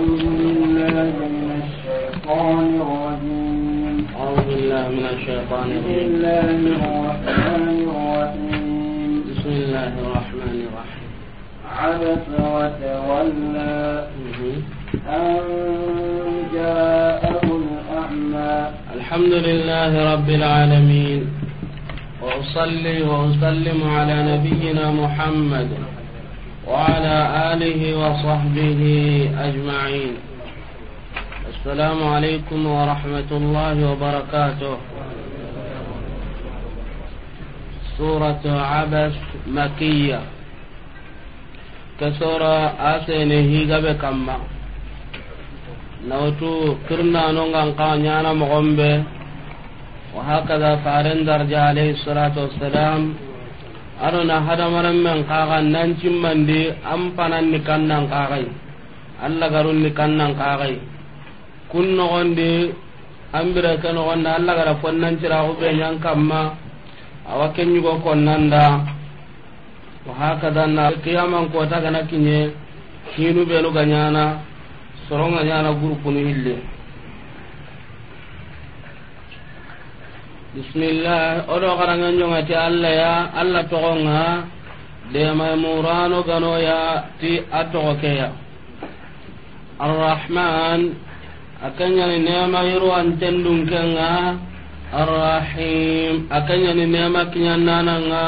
من الشيطان الرجيم بسم الله الرحمن الرحيم عبس وتولى أن جاءه الأعمى الحمد لله رب العالمين وأصلي وأسلم على نبينا محمد وعلى آله وصحبه أجمعين السلام عليكم ورحمة الله وبركاته سورة عبس مكية كسورة آسينه قبكما نوتو كرنا نونغان قانيانا مغمبه وهكذا فارندر عليه الصلاة والسلام ado na hadamaren men kaga nan cimmandi an panan ni kannan kagai allah garun ni kannan kagai kun nogondi an bira ke nogondi allah gara fonnan cira ku be nyan kamma awa ken yugo da wa dan na ko ta gana kinye hinu benu ganyana soronga nyana kunu hille bismillah oɗo xaranga ñongati allah ya allah toxonga demay murano ganoya ti a toxo keya arrahman a keñani nema yirwanten kenga arrahim a keñani nema kiñannananga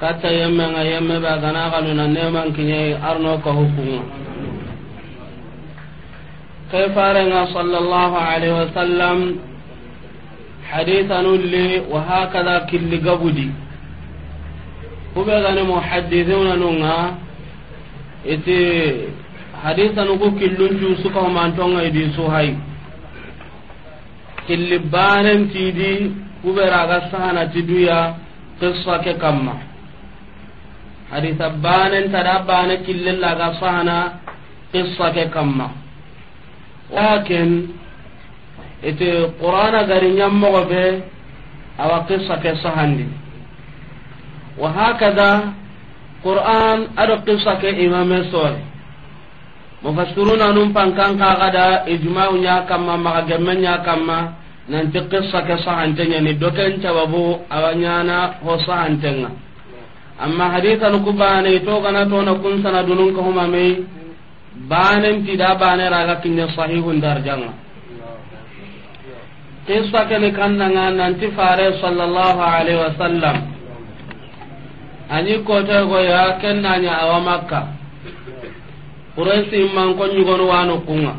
katta yemmenga yemme ɓe agana xanuna neman kiñayi arno ka hukunga ke farenga sallallahu alaihi wasallam hadisanun le wa hakaza killi gabudi kube gani muhaddithuna nunga iti hadisanu ku killun cu suka humantonga idi su hay killi banen tidi kube raga sahana ti duya qissa ke kamma hadisa banen tada bane kille ke ite qur'ana gari ñammogo ɓe awa qissa ke sahandi wa hakada qur'an aɗo qissa ke imame soore mufassiruna num pankan kaxada ijmau ña kamma maxa gemme ña kamma nanti qissa ke sahanteñani doken cababu awa ñana ho sahantenga amma haditanu ku bane togana tona kun sana dunun kahumamei banentida baneraga kinne sahihun darjanga qissa kene kannanga nanti fare sallallahu alaihi wasallam anyi koto go ya kennanya awa makka quraysi imman ko nyugon wano kunga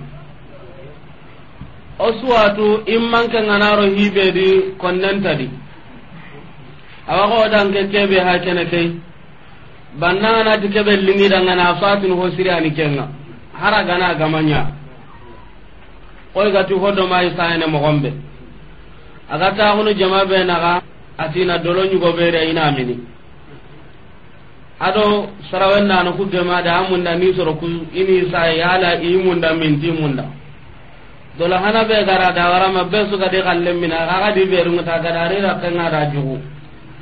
osuwatu imman ke nganaro hibedi konnentadi awa ko danke kebe ha kene kei bannanganati keɓe lingidangana soatin ho siri ani kenga hara gana gamanya koy gati hodomai sayene mogonɓe aga taxunu jama be naxa atina dolo ñugoɓeere ina mini ado sarawen nano ku gemade a munda ni soro ku ini saye ala ii munda minti munda dolo hana be gara da warama be sugadi xalle mina axa di ɓeerunguta gadarira kenga da jugu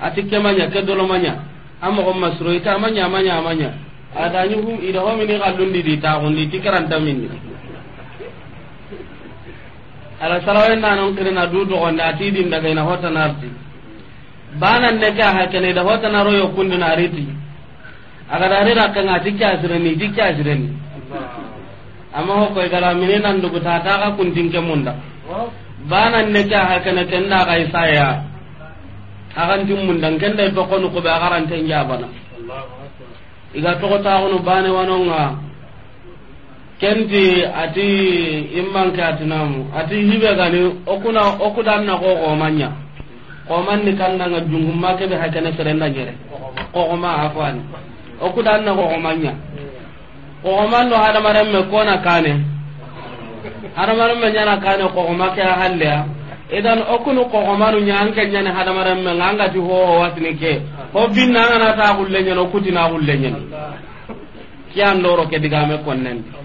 ati kemaña ke dolomaña a moxo masuro ita amaña amaña amaña adañugu ida homini xallundi di taxundi ti karanta minni ala sarawen na non kirina du do gonda ati din daga ina hota narti bana ne ka hakene da hota naro yo kundina riti aga da rira kan ati kya sirani ti kya sirani amma ho koy gara minen nan dugu ta ta ka kundin ke munda Bana ne ka hakene kenna ga isaya aga tim munda kenda to kono ko be agaran tan jabana iga to ko ta kono bane wanonga kenti ati immanke atinamu ati hibe gani okuna okudanna ko komanya komanni kannanga jungumma kebe hakene serenda jere kokoma afani okudanna ko komanya kokomanno hadamaremme kona kane hadamaremme nyana kane kokoma ke halleya idan okunu kokomanu ñanke ñani hadamaremme ngangati hoho watini ke ho binna anganata xulleñen okutina xulleñen kiyan loro ke digame konnendi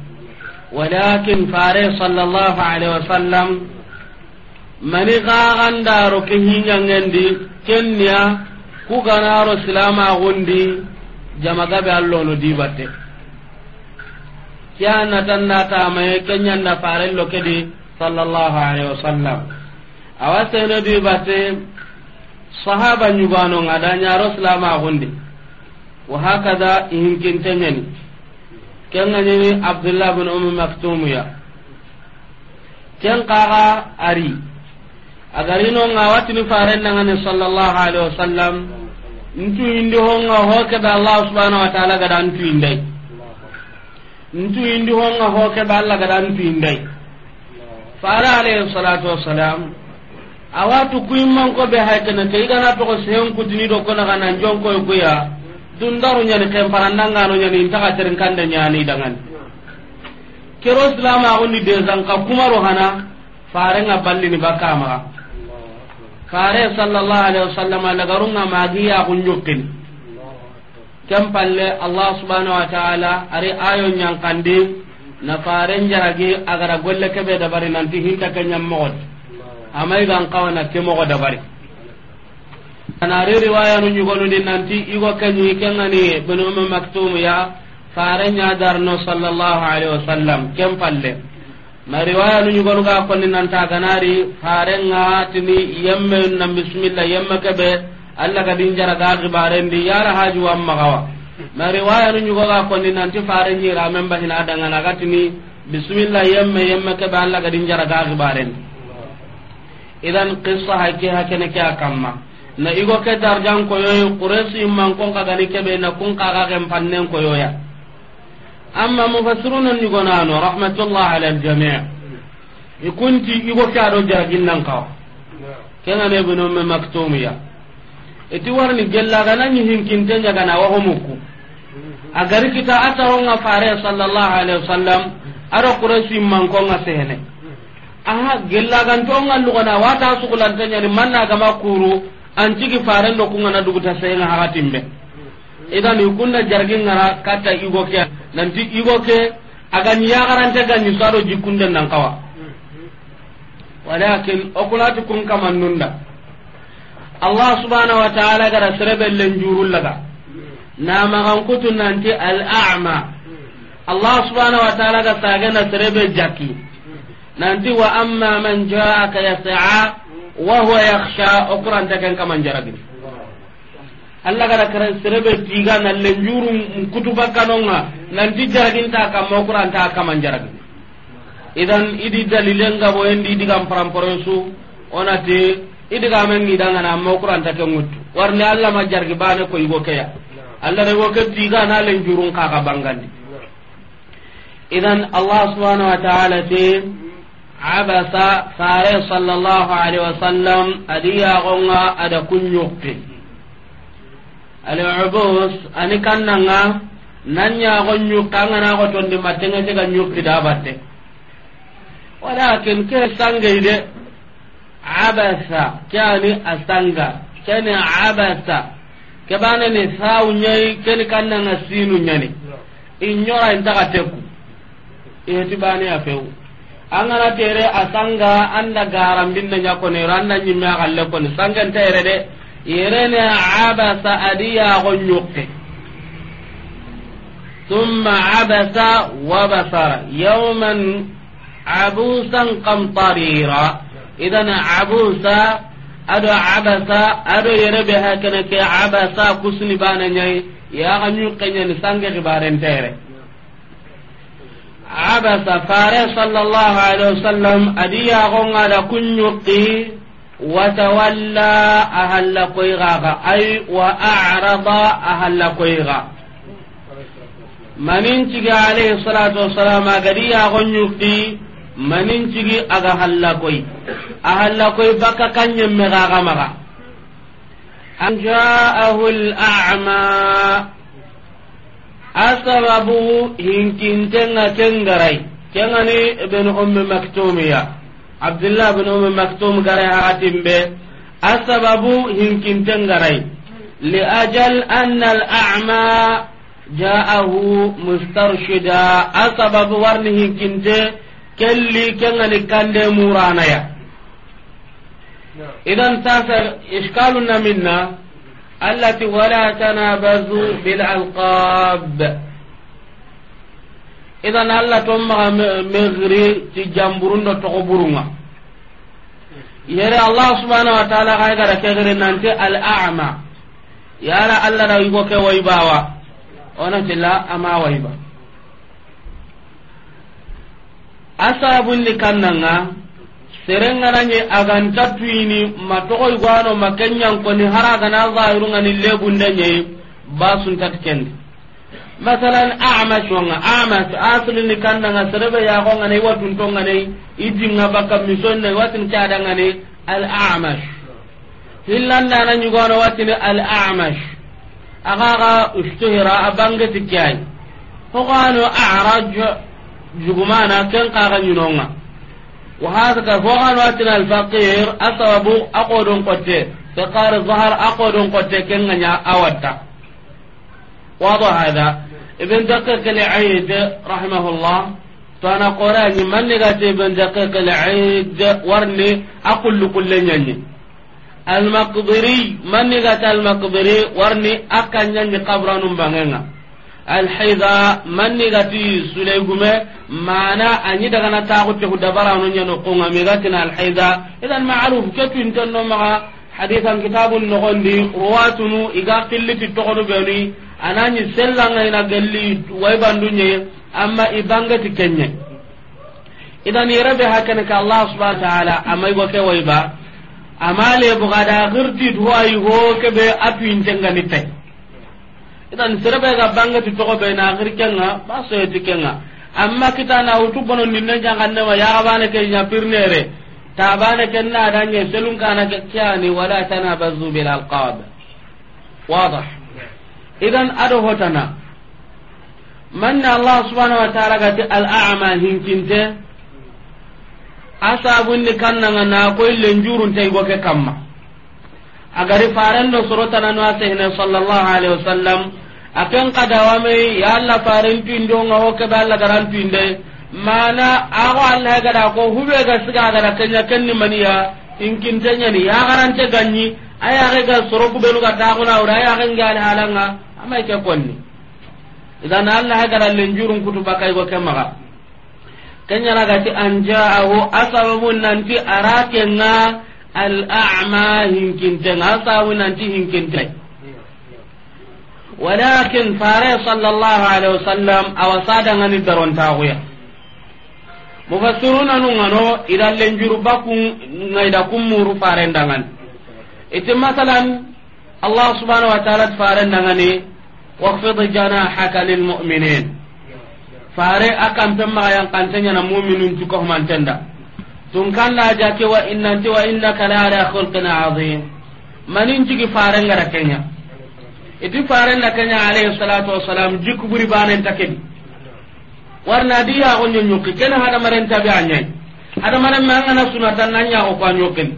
walakin fare sallallahu alaihi wasallam mani kaxandaro ke hiñangendi kenniya ku ganaro silamaxundi jamagabe allono dibatte ke a natan natamaye keñanda farello kedi sallallahu alaihi wasallam awa seno dibatte sahaba ñuganonga da ñaro silamaxundi wahakada ihinkinteñeni kenga nyini abdullah bin ummi maktum ya ken qaga ari agari no nga watini faren nangane sallallahu alaihi awatu kutini kuya dundaru nyani kemparandangaano nyani intaka terin kanda nyani dangan kero islam desanka kumaro hana farenga kuma rohana fare sallallahu alaihi wasallam lagarunga magiya kunjukin kem palle allah subhanahu wa ta'ala ari ayo nyankandi na fare njarage agara golle kebe dabari nanti hinta kanyam mod amai gan kawana kemo dabari anari riwaya nu ñugonudi nanti igo keñui kengani benume maktum ya fare ñadarno sall llahu alayhi wa sallam ken palle ma riwaya nu ñugonuga konni nanta ganari farenga tini yemme nan bismillah yemme keɓe allah kadi njara ga xibarendi yara haju wammaxawa ma riwaya nu ñugoga konni nanti fare ñiramen bahina dangana gatini bismillah yemme yemme keɓe allah kadi njara ga xibarendi idan qissa hake hakene ke a kamma na igo ke darjan koyoyi kuresu imman kon ka gani kebe na kun ka ga gem pannen koyoya amma mufassirun ni gonano rahmatullah ala aljami' ikunti igo ka do jargin nan ka kenga ne bunu me maktumiya iti warni gella ga nan hinkin tanya ga na wa humuku agari kita ataronga fare sallallahu alaihi wasallam aro kuresu imman kon ga sehne aha gella ga ntonga lugana wata sukulantanya ni manna ga makuru an ciki ancigi ta sai duguta sayenga hakatimbe idan ikunna jargi ngara kata igoke nanti igoke agani yagarante ganyi saro jikkunde nan kawa walakin okunati kun nunda. allah subhanahu wa ta'ala gara serebellen jurullaga namagankutu nanti al ama allah subhanahu wa ta'ala ga sagena serebe jakki nanti wa amma man jaaka yasaa wa huwa yakhsha okran ta kan kaman jaragin Allah gara karan serebe tiga na lenjuru kutuba kanonga nanti jaragin ta kam okran ta kaman jaragin idan idi dalilenga boyendi digam paramporosu onati idigamen gidangana amma okran ta kan mutu warne Allah ma jargi bane ko igo keya Allah rego ke tiga na ka kaka bangandi idan Allah subhanahu wa ta'ala te abasa fare sallallahu alaihi wasallam adi yagonga ada kunyuqi al-ubus ani kannanga nan yagon nyuqanga na ko tondi matenga tega nyuqi da batte walakin ke sangai de abasa kyani asanga kene abasa kebane ne sawu nyai kene kannanga sinu nyani inyora intaka teku iheti bane afeu angana tere asanga anda garambinna ñakonero anda ñimme a xalle kon sangan yere de yerene abasa adi yaxo ñukke ثumma abasa wa basara yawman abusan qamtarira idan abusa ado abasa ado be hakene ke abasa kusni bana ñayi yaxa ñukkeñani sange xibarentere abasa fare sallallahu alaihi wasallam adiya gonga da kunyuqi watawalla ahalla koygaga ay wa a'rada ahalla koyga manincigi alayhi salatu wassalam agadi yagonyuki manincigi aga halla koy ahalla koy bakka kanyemme gaga maga an ja'ahu al-a'ma asababu hinkintenga kengarai kengani ibn ummi maktumiya abdullah ibn ummi maktum garai hakatimbe asababu hinkintengarai liajal anna al'ama ja'ahu mustarshida asababu warni hinkinte kelli kengani kande muranaya idan tasa ishkaluna minna allati wala tanabazu bil alqab idan allah to maga megri ti jamburundo togoburunga yere allah subhanahu wa ta'ala kay gara nante al a'ma yara allah da yugo ke waybawa ona tilla ama wayba asabun serengananye aganta tuini matogoy gwano makenyankoni hara gana zahirungani lebundenye basuntat kendi masalan amash asli ni aslini nga serebe yagongane watuntongane nga bakka misonne watin cadangane al amash hillandana ñugono watini al amash agaga ustuhira abangetikkeay hogano araj jugumana kenka kaga ñinonga وهذا فوغان واتنا الفقير أصاب أقود قد فقار الظهر أقود قد كن أودت واضح هذا ابن دقيق العيد رحمه الله فأنا قراني من نقاتي ابن دقيق العيد ورني أقول كل يني المقبري من نقاتي المقبري ورني أكن يني قبرا بغنى alhaiza manni gati sulaygume mana anyi daga na taxutte ku dabarano ñano qonga megatina alhaida idan ma'ruf ketuintenno maxa hadisan kitabun nogondi ruwatunu iga qilliti togodu beni anani sellangaina gelli waybanduñe amma ibangati kenye idan yerebe hakene ka allah subhanau wa taala amaygo ke wayba ama lebogada xirtit ho ayi ho keɓe tay ni serebe ga bange ti togo be na agir kenga ba so yeti kenga amma kita na utu bono ninne jangande ma ya bana ke nya pirnere ta bana ken na danye selun kana ke kyani wala bazu bil alqab wadah idan ado hotana manna allah subhanahu wa ta'ala gati al a'ma hinkinte ni kanna na koy lenjurun tay goke kamma agari farendo sorotananu asehne sallallahu alaihi wasallam aken kadawame ya allah faren tuindo nga ho kebe allah garan tuinde mana ago allah e gada ko hube ga siga gada kenya kenni maniya inkintenya ni ya garante ganyi aya ga ga soro ku belu ga ta ko na ura ya ga ngal halanga amma ke konni idan allah e gada lenjurun kutu kai go kemaga kenya na gati anjaahu asababun nanti arakenga al a'ma hinkintenga asawu nanti hinkintenga walakin fare sallallahu alaihi wasallam awasada ngani daronta goya mufassiruna nu ngano ida lenjuru bakun ngaida kumuru fare ndangan ite masalan allah subhanahu wa ta'ala fare ndangani waqfid janahaka lil mu'minin fare akan pemma yang kantenya na mu'minun tukoh mantenda tun kan la jake wa innanti wa innaka la ala khulqin azim manin jigi fare kenya iti farenda kenya alayhi salatu wassalam jikuburi banenta kedi warna di ya gonyo nyuki ken hada maren tabi anyai hada maren ma ngana sunatan nanya ko kwa nyokin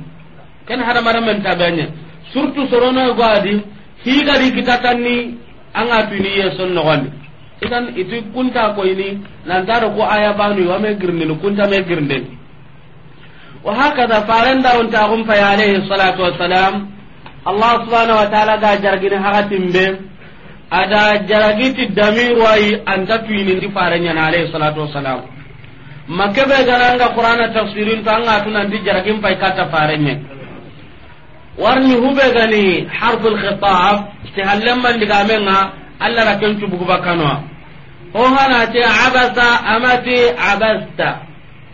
ken hada maren men tabi anyai surtu sorono gwadi higa di kitatanni anga tuni yeson no gwandi idan itu kunta ko ini nantaro ko aya banu wa me girnin kunta me girnin wa hakada farenda on ta gum fa alayhi salatu wassalam allah subhanahu wa ta'ala ga jargini hakatin be ada jaragiti damiru ayi anta tuinindi faranyana alayhi salatu wassalam makebe gananga qur'ana tafsirin to anga tunanti jaragin pay kata farenye warni hube gani harful khitab ti hallemman digamenga allah ra kencu bugubakanoa hanate abasa amati abasta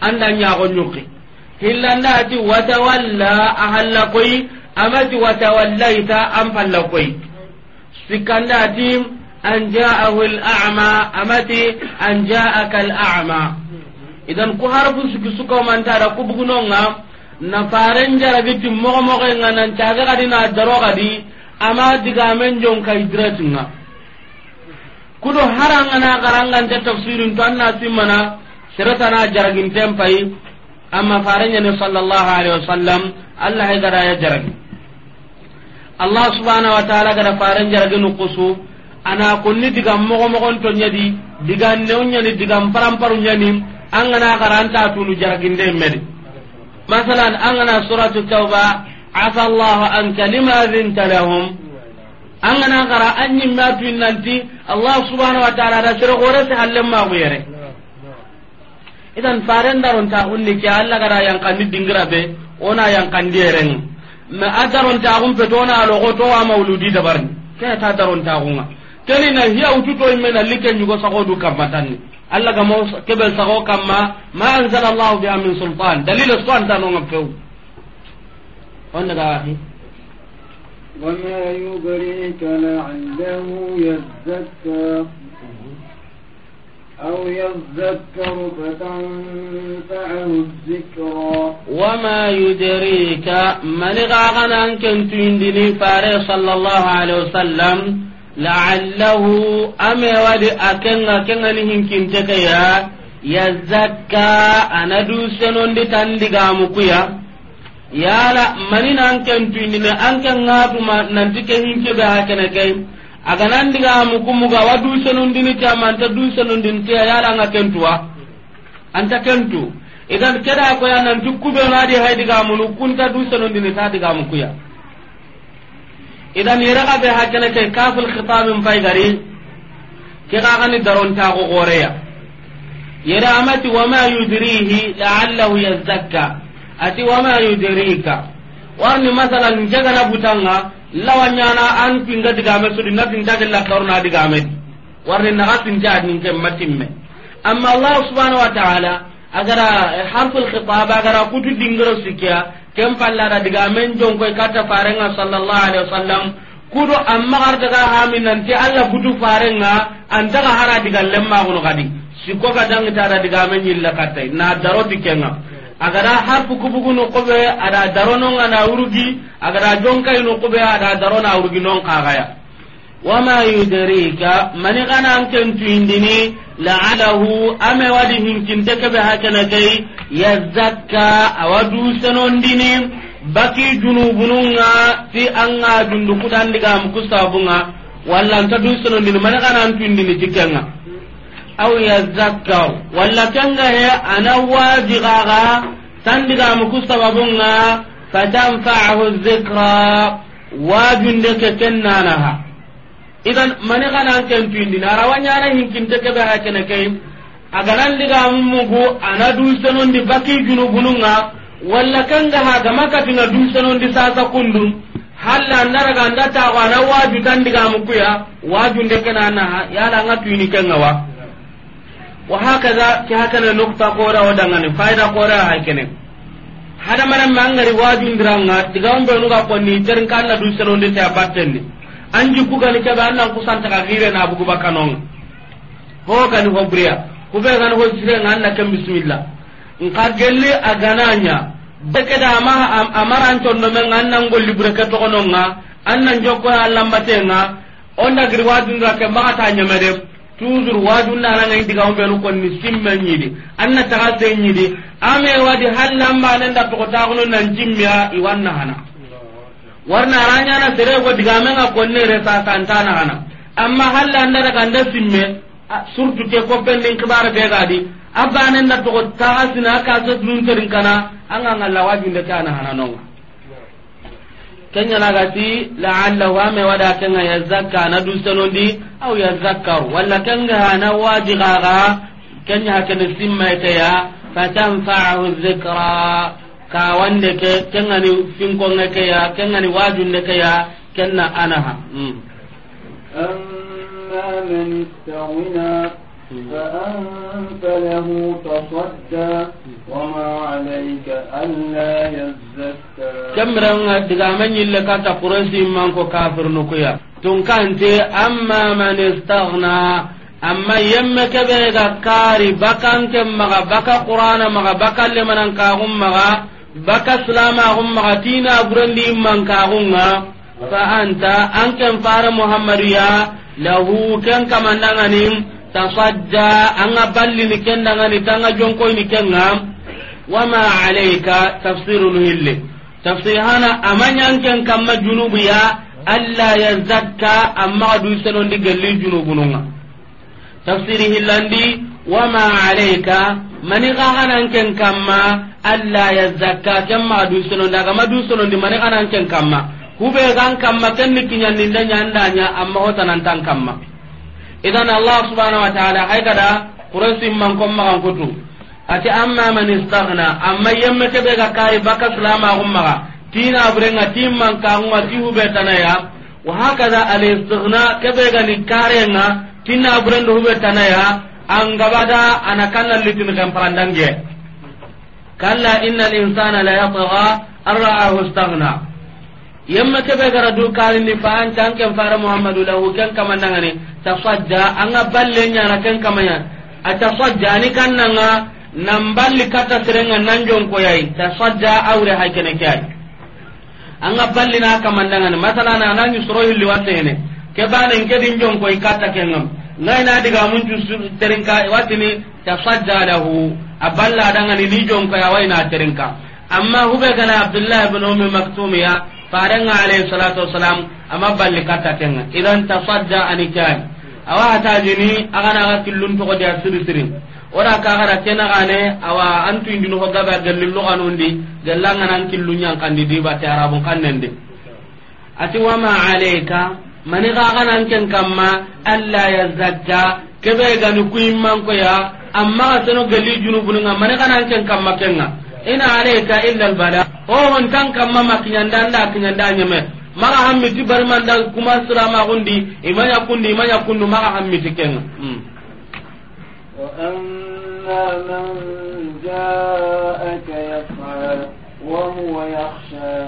anda ñago ñuki hillandati watawalla ahalla koyi amati wa tawallaita an falla koy sikanda an ja'ahu al-a'ma amati an ja'aka al-a'ma idan ku harfu suki suka man tara ku bugunonga na faren jarabi tim mo mo ngana nan caga kadi na daro kadi ama diga men jon kai ku kudo haranga na garanga ta tafsirin to anna simana sirata na jaragin tempai amma faranya ne sallallahu alaihi wasallam Allah ya gara ya jarabi. allah subhanahu wa ta'ala gada faran jaraginu kusu ana kunni diga mogo mogon to nyadi diga new nyani diga paramparu nyani an gana garanta tunu de medi masalan an gana suratu tauba afa allah anka lima zinta lahum an gana gara an ma tuin nanti allah subhanahu wa ta'ala da sere gore se halle ma yere idan faren daron ta unni ke allah gara yang kanni dingira be ona yang kandi yereng ma adaron taxum petona aloxo to wa mauludi dabarni ke ta daron taxunga keni na hiya ututo imme na like ñugo saxodu kamma tanni allah gamo keɓel saxo kamma ma anzala allahu biha min sultan dalile so antanonga few on daga axi وما يدريك لعله يزكى أو يذكر فتنفعه الذكرى وما يدريك من غاغنا أن كنت يندني فاري صلى الله عليه وسلم لعله أمي ودي أكن أكن لهم كنتك يا يزكى أنا دوسنون دي تندقى مكويا yala mani nan kan tuindine an kan ngatu ma nan tike hinke be hakene kay diga aganandiga mugumuga wa dusenundini ti amanta dusenundini ya yala nga kentuwa anta kentu idan keda du sanun dini ta kunta mu kuya idan yara ga be kana ke kaful min fay gari ke ga gani daron ta go ya yara amati ma yudrihi la'allahu yazakka ati ma yudrika warni masalan jaga na butanga lawanyana an pinga digame sudi na tinta gella karna digame warne na gatin ja din ke matimme amma allah subhanahu wa ta'ala agara eh, harful khitaba agara kutu dingro sikya kem pallara digame jong koy kata farenga sallallahu alaihi wasallam kudo amma gar daga hamin nanti allah kutu farenga anta ga hara digalle lemma gono kadi sikko ga dangita da digame nyilla katai na daro dikenga agada harfu kubugu no kobe ada darono ngana urugi agada jonkai no kobe ada darona urugi non kagaya wama yudrika mani kana ankentu indini la'alahu ame wadi hinkinte kebe hakana kai yazakka awadu sanondini baki junubununga ti anga dundukudandigamukusabunga walla anta du sanondini mani kana antu indini tikkanga aw yazakkar walla kanga he ana wajigaga tandigamu ku sababunga fatanfaahu zikra wajunde ke kennanaha idan mani ganan kentuindi narawañana hinkinte keɓe ha kene key aganan ligamumugu ana dusenondi baki junugununga walla kanga ha gama katinga dusenondi sasa kundu halla andaraga anda taxo ana waju tandigamukuya wajunde kenanaha yala anga tuini kenga wa wa hakaza ki hakana nokta kora wa dangane faida kora hakene hada maran mangari wajun diranga digam be nuga konni terin kala du seronde ta battendi anji buga ni kaba ku santa ka gire na bugu bakanon ho kan ho briya ku be kan ho sire na kam bismillah in ka gelle agananya beke da ma amaran tondo men anna ngolli bureke to kononga anna jokko Allah mbatenga onda girwadun ra ke ma ta nyamede tuzur wajun na ranga diga on benu kon ni simma nyidi anna taga se nyidi ame wadi hallam ba nan da ko ta gono nan jimmiya i wanna hana warna ranya na sere go diga na ga konne re sa santana hana amma halla anda kan da simme surtout ke ko din kibar be di abba nan da ko ta hasina ka so dun terin kana an an Allah wajun da kana hana non kenya nagati la'allahu ame wada kenga yazakka na dusanondi aw yazakkaru walla kenga hana gaga kenya hakene simmaiteya fatanfaahu dhikra wande ke kenga ni finkonge ke ya kenga ni waju ke ya kenna anaha hmm. amma man istawina فأنت له تصدى وما عليك ألا يزكى كم رأى دقامن يلي قرسي كافر نقيا تنكنت أما من استغنى amma yemme kebe ga kari bakan ke maga baka qur'ana maga baka ka hum maga baka hum maga tina man ka hunga fa anta fara muhammadiya lahu kan tafajja anga balli ni kenda ngani tanga jonko ni kenga wama alayka tafsirul hilli tafsihana amanya ken kamma junubu ya alla yazakka amma du senondi galli nunga tafsiri hillandi wama alayka mani gahanan ken kamma alla yazakka kemma du senondi agama du senondi mani gahanan ken kamma kube gan kamma ken ni kinyanni ndanya nya amma hotanan tan kamma idan allah subhanahu wa ta'ala hay kada quraysin man kom magan kutu ati amma man istaghna amma yamma ke ga kai baka salama umma tina burenga timman kanwa tihu betana ya wa hakaza al istighna ke ga ni karenga tinna hube tanaya an gabata ana kanna litin kan parandange kalla innal insana la yatgha arra'ahu istaghna yamma kebe gara du kalini fa an tan ken fara muhammadu lahu ken kamandanga ne tafajja anga balle nyana a kamanya atafajja ni kannanga nan balli kata serenga nan jon ko yayi tafajja awre hakene kyai anga balli na kamandanga ne masala na nan yusro li watte ne ke banen ke din jon ko ikata kengam ngai na diga mun ju terinka watini tafajja lahu aballa dangani ni jon ko yawai na terinka amma hubega na abdullah ibn ummi maktumiya farenga alayhi salatu wassalam ama balli katta kenga idan tasadda anikan awa hatajini agana aga killun togo dia siri siri ora ka gara kena gane awa antu indinu ho gaba gallin lo kanundi gallanga nan killun yang kandi di bate arabun kannende ati wa ma alayka mani ga gana anken kamma alla yazakka kebe gani kuimman ko ya amma sano galli junubun nga mani gana anken kamma kenga ina ale alayka illa albala ohon kan kam mama kinyanda anda kinyanda nyeme mara hammi ti bar manda kuma sura ma gundi imanya kundi imanya kundu mara hammi ti ken hmm. wa anna man ja'aka yaf'a wa huwa yakhsha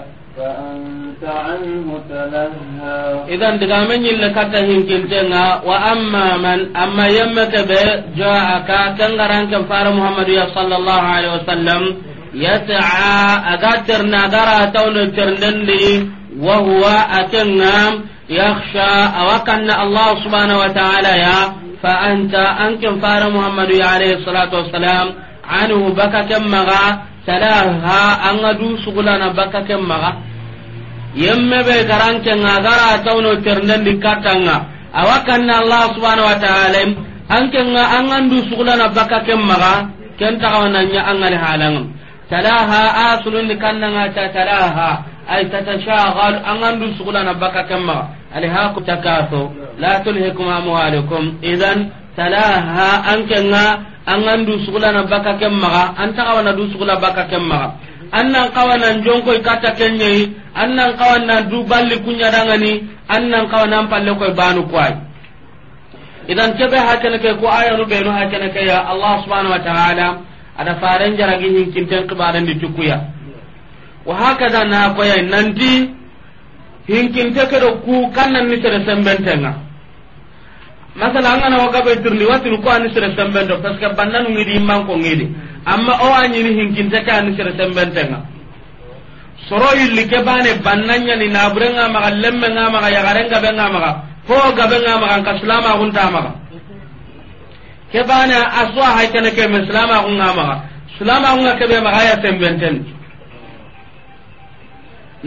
idan daga man yin lakata hinkin tenga wa amma man amma yamma ta be jaa ka kan garan fara muhammadu ya sallallahu alaihi wasallam yas'a aga terna gara tawno ternendi wa huwa atengam yakhsha na allah subhanahu wa ta'ala ya fa an ankin fara muhammadu ya alayhi salatu wa salam wassalam anhu baka kemmaga salaha anga du sugulana baka kemmaga yemme be garanke ngagara tawno ternendi katanga awakanna allah subhanahu wa ta'ala anke nga angandu sugulana baka kemmaga kenta kawananya angale halangam تلاها آصل لكننا تتلاها أي تتشاغل أن سغلنا بكا كما ألهاك تكاثو لا تلهكم أموالكم إذا تلاها أنكنا أن سغلنا بكا كما أنت قوانا دو سغلا بكا كما أنن قوانا جونكو كاتا كنيي أنن قوانا دو بالي كنيا دانغني أنن قوانا مبالكو بانو كواي إذا كبه هكذا كو آية نبينو هكذا يا الله سبحانه وتعالى ada faran jaragi nyin kinten kibaran di cukuya wa hakada na koya nanti hinkinte kedo ku kannan ni sere sembentenga masala angana waka be turni watin ko ani sere sembendo parce que bannan ngidi imman ko ngidi amma o anyi ni hinkinte ka ani sere sembentenga soro yilli ke bane bannanya ni nabrenga maga lemmenga maga yagarenga benga maga ko gabenga maga kaslama hunta maga ke bana aswa hay kana ke muslima kun ngama muslima kun ke be magaya tembenten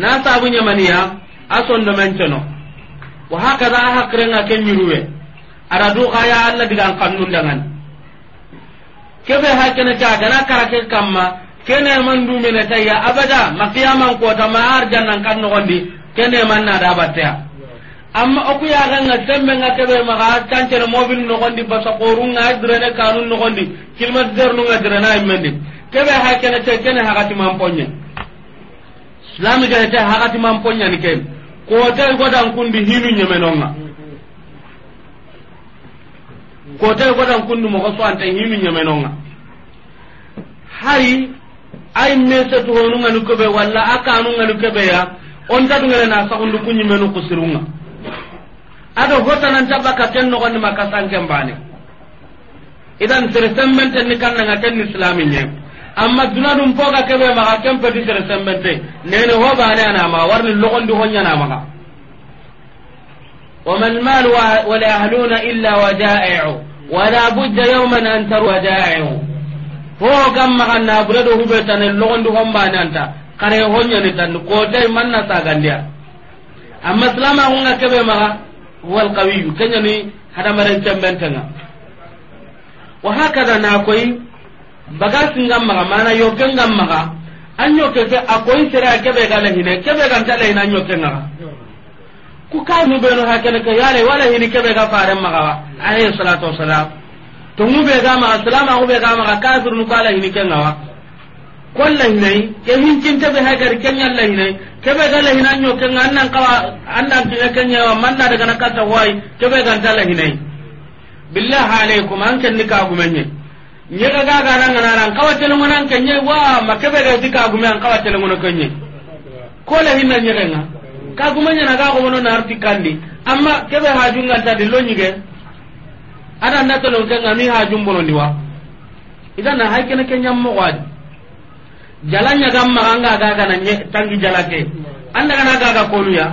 na sabu nyamaniya ason do mentono wa hakaza hakrenga ken nyuruwe ara du kaya alla digan kannun dangan kebe hay kana ta gana karake kamma kene man du mena tayya abada makiyama ko ta ma arjan nan kan no gondi kene man na da batta amma oku ya ga nga dembe nga tebe ma ga tanche no mobil no gondi basa qorun nga drene kanun no gondi kilma der no nga drena imendi kebe ha kene te kene ha gati man ponye islam ga te ha gati man ponya ni kem ko te ko dan kundi hinu nyemenonga ko te ko dan kundi mo ko so ante hinu nyemenonga hari ay mese to honu nga ni kebe aka akanu nga ni kebe ya on ta ngere na sakundu kunyi menu kusirunga ado hotananta baka ken nogonni maka sanken bane idan sere semmente ni kannanga ken islami nye amma duna dum poga kebe maka ken peti sere ne nene ho bane anamaga warni logondi honyanamaga وما المال والأهلون إلا ودائع ولا بد يوما أن تروا ودائع هو كما أن أبرده بيتان kare دهم بانانتا tan هنيا نتان قوتي من نساقان amma أما سلاما هنا كبه مغا huwa alqawiyyu kenyani hadamaren cembentenga wa hakada na koy baga singam ma mana yo gam ma an ke ke akoy sira kebe gala hine kebe ta tala hina yoken maga ku ka be beno hakene ke yale wala ke kebe ga fare maga alayhi salatu wassalam to mu be ga ma salama ku be ga ma kafir nu kala hine ken maga kolla hinai ke hincin tebe hagar kenya la hinai kebe gala hinan yo kenga annan kawa annan tine kenya wa manna daga na kata wai kebe ganta la hinai billahi alaikum an ken ka kagu menye nye ga ga ga nan nan kawa tele ngona an kenye wa makebe ga ti gumen an kawa tele ngona kenye kola hinan nye kenga ka menye na ga ko mono na arti kandi amma kebe hajunga ta dillo nyige ada ndatolo kenga ni hajumbono niwa idan na na kenya mo wadi jalanya gamma anga gaga na tangi jalake anda kana gaga ya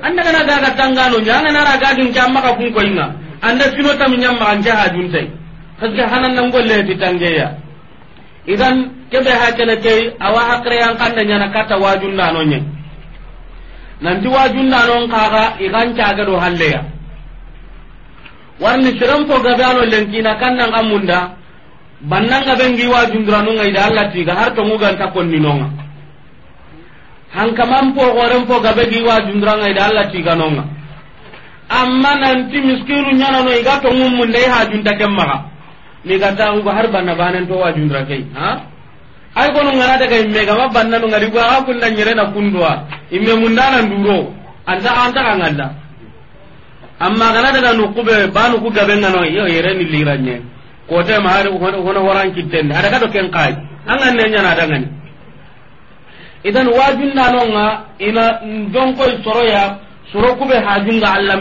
anda kana gaga tangano nya anga nara gaga jamma ka kun koinga anda sino tam nyamma anja hajun tai kaske hanan nan golle ti tangeya idan kebe hakele ke awa hakre yang kanda nyana kata wajun dano nye nanti wajun dano kaga igan caga do ya warni siram po gabano lenkina kannan amunda bannanga bengi wajundiranunga ida allah tiga har tonguganta konninonga hankaman po goren po gabe gi wajundiranga ida allah tiganonga amma nanti miskinu ñanano iga tongum munde i hajunta ken maga migataxuga har banna banento wajundira kei ha ay gonu ngana daga imme gama bannanu ngari gwa ha kunda nyere na kundwa imme mundana nduro anta anta kangalla amma kana daga nukube banu ku gabe ngano yo yere ni liranye kote hono waran kitten ada kado ken kai angan ne nyana idan wajin na ina ndon koy soroya soro kube hajinga allam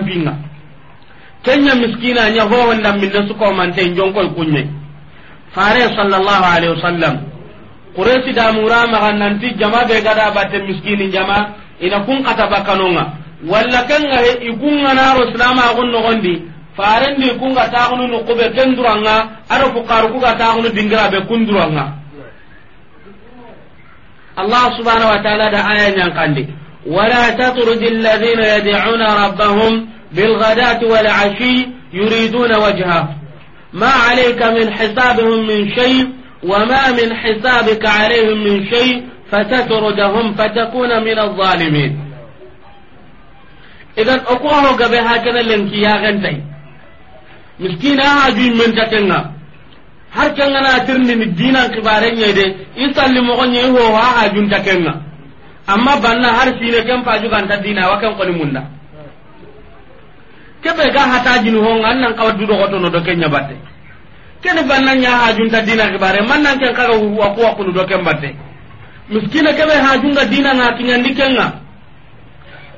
kenya miskina nya ho wanda minna su ko man sallallahu alaihi wasallam quraysi daamuuraa murama nanti jama be gada batte miskini jama ina kun kata bakanonga walla kanga he igunga naro islama gon no farendi kunga taxunu nuqube ken duranga aɗo fukaru kuga taxunu dingiraɓe kun duranga allah subhanau wa taala da aya ñankandi wala tatrud alladina yadicuna rabbahum bilgadati walashi yuriduna wajha ma alayka min hisabihim min shay wama min hisabika alayhim min shay fatatrudahum fatakuna min alzalimin idan okuwaho gabe hakene lenki yaxentay miskina aju men takenga har kenga na tirni ni dina kibare nye de isalli mo gonye ho ha aju takenga amma banna har sine kem paju kan dina wa kan qoni munda be ga hata jinu ho ngan nan kawdu do goto no do kenya batte ne banna nya ha ta dina kibare man nan ken kaga wu wa ko kunu do ken batte miskina be ha junga dina na kinyandi kenga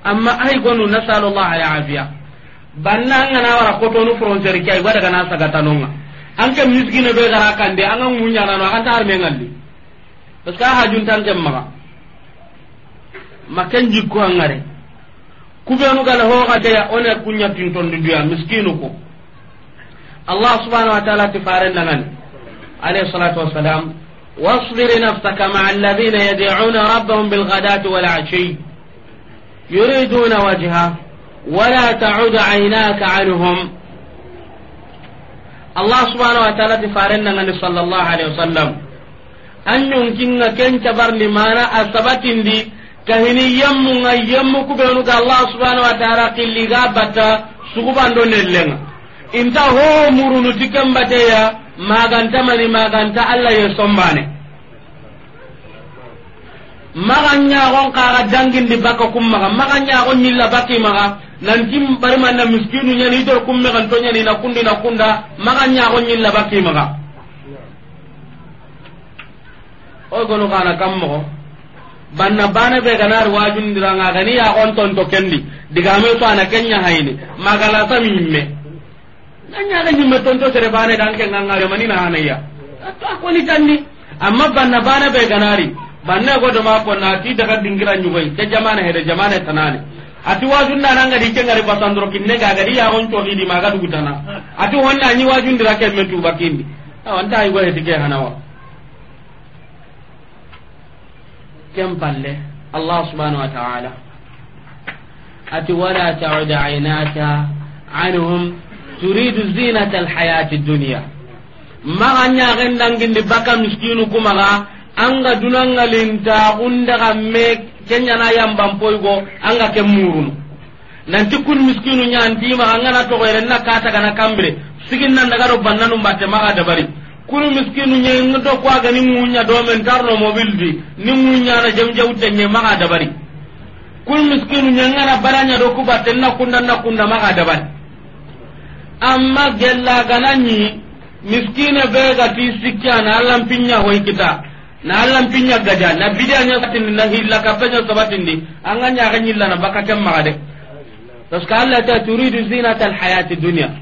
amma ay gonu nasallallahu ya sallam banna an gana wara kotonu frontière kay wada gana sagatanonga an ke miskine be gara kande an an munya nanu an tar ngalli. parce que ha juntan ke maga makan jikko be kubenu gala ho ga de ona kunya tinton duya miskinu ko allah subhanahu wa ta'ala ti faran nanan alayhi salatu wassalam واصبر نفسك مع الذين يدعون ربهم بالغداة والعشي يريدون وجهه ولا تعد عيناك عنهم الله سبحانه وتعالى فارنا النبي صلى الله عليه وسلم أن يمكن كن كبر لمانا أثبتن دي كهني يم يم كبرنك الله سبحانه وتعالى قل غابتا سقبان دون اللنا انت هو مرونو تكمبتيا ما غنتا مني ما غنتا الله يسمباني maga ñagon kaga dangindi bakka kum maga maga ñagon ñilla bakki maga nanti barimanna miskinu ñani itor kummegan to ñani na kundi na kunda maga ñagon ñilla bakki maga o gonu kana kam mogo banna bana be ganar wajundiranga gani yagon tonto kendi digame to ana kenya hayni magala sami yimme nanyaga yimme tonto sere bane danke ngangare manina hanaya to akoni tanni amma banna bana be ganari banne go do ma ko na ti daga dingira nyugoi ke jamane hede jamane tanani ati wajun na nanga di kengari basandro kinne ga ga di ya on to di maga du gutana ati honna ni wajun dira ke metu bakindi awan ta ay go hede ke hanawa kem palle allah subhanahu wa ta'ala ati wala ta'ud aynaka anhum turidu zinata alhayati dunya maga nya gendangindi baka miskinu kumaga anga dunanga linta unda gamme kenya na yamban poigo anga ke murunu nanti kun miskinu nyanti dima anga na togoyre na kata kana kambre sigin nan daga do bannanu mbatte maga dabari kun miskinu nyen do kwa ga ni munya do men tarno mobil di ni munya na jam jaw tenye maga dabari kun miskinu nyen na baranya do ku batte na kunda na kunda maga dabari amma gella ni miskine be ga ti sikya na lampinya hoy kita na allan pinya gaja na bidia nya satin na hilla kapenya sabatindi anga nya ga nyilla na baka ma magade parce que allah ta turidu zinata al hayati dunya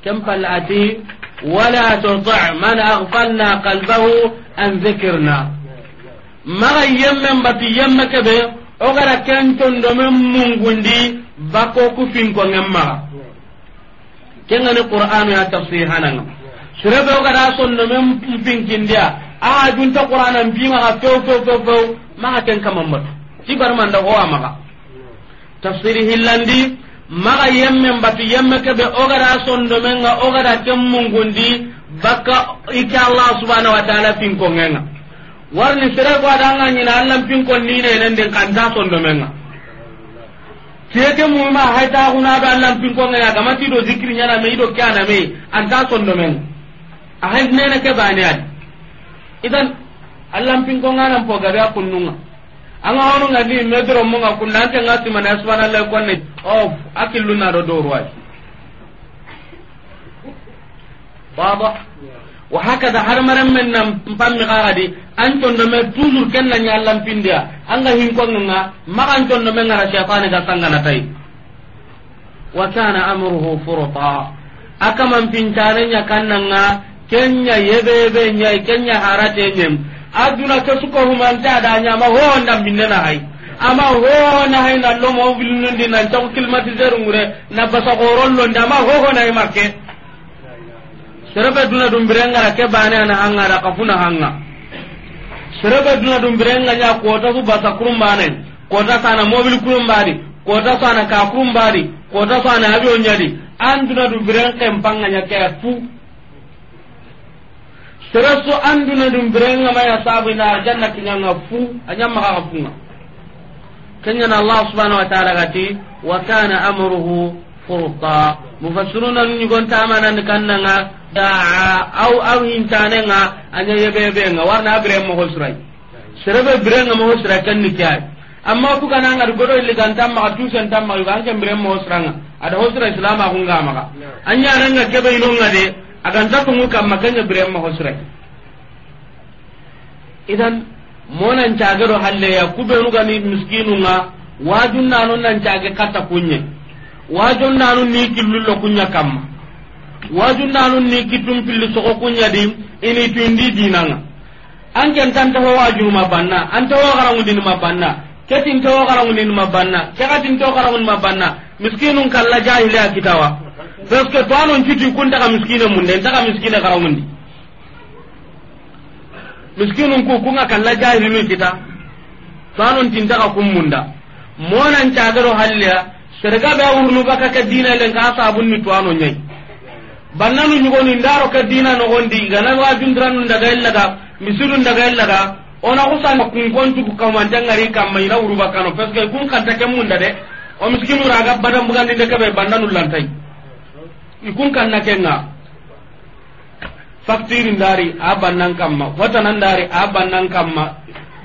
kam fal ati wala tuti' man aghfalna qalbahu an dhikrna maga yemme mbati yemme kebe o gara ton do men mungundi bako ku fin ko ngamma kenga ne qur'anu ya tafsir hananga sirebe o gada sonno men pinkindia a junta qur'ana mbima ha few few few few ma ha ken kamam mat ti bar man da hoa maga tafsiri hillandi maga yemme batu yemme kebe o gada sonno men ga o gada ken mungundi baka ika allah subhanahu wa ta'ala pinkongenga warni sirebe o adanga nyina allah pinkon ni ne nen den kan da sonno men ga tiyeke muma haytaxunaɗo allah pinkongenga gamati do zikri ñaname ido ke aname anta sonno men ga ahay nene ke bane ad idan allan pin ko ngana po gabe kunnunga anga hono ngani medro mo nga kunna ke ngati mana subhanallah ko ne of akillu na do do ruwa wadah wa hakada har maran men nam pammi qaradi an ton do me toujours ken na nyallan pin dia anga hin ko nga ma an ton do me ngara syaitan da sangana tai wa kana amruhu furata akaman pincanenya kannanga kenya yebebe nyai kenya harate nyem aduna ke suko humanta adanya ma ho na minna hay ama ho na hay na lo mo bilnundi na taw climatiseur ngure na basa gorollo ndama ho ho na makke serebe duna dum birenga ke bana na hanga da kafuna hanga serebe duna dum birenga nya ko ta su basa kurumbane ko ta sana mobil kurumbadi ko ta sana ka kurumbadi ko ta sana abiyo nyadi anduna dum birenga empanga nya ke fu tereso anduna dum birenga maya sabu na arjanna kinyanga fu anyama ka funga kenyana allah subhanahu wa ta'ala gati wa kana amruhu furqa mufassiruna ni gonta manan kannanga da'a aw aw hintanenga anya nga warna bire mo hosrai serebe birenga mo hosrai kanni kiyai amma ku kana ngar godo illi ganta ma tu sen tamma ga kan bire mo hosranga ada hosra islam akun ga maka anya nga kebe inonga de aganta tungu kamma maganya birem ma hosra idan monan cagero halle ya kubenu gani miskinu nga wajun nanu nan cage kata kunye wajun nanu ni kilullo kunya kam wajun nanu ni kitum pilli soko kunya di ini tindi dinanga an ken tan to wajun ma banna an to garangu din ma banna ketin to garangu din ma banna kegatin to garangu ma banna miskinun kallaja ila kitawa parce que to anon cuti kun daga miskine mun den daga miskine garamundi miskinun ku kunga jahiri jahilu kita to anon tin daga kun munda monan cagaro halliya serga be wurnu baka ka dina len ka sabun ni to anon nyai bannanu nyugoni ndaro ka dina no gondi gana wa jundranu daga nda ga illa illaga ona kusan kun kontu ku jangari ngari mai ina wuru bakano parce que kun kanta kemunda de o miskinu raga badan bugandi de ka be bannanu lantai ikun na kenga facture ndari a bannan kamma watana ndari a bannan kamma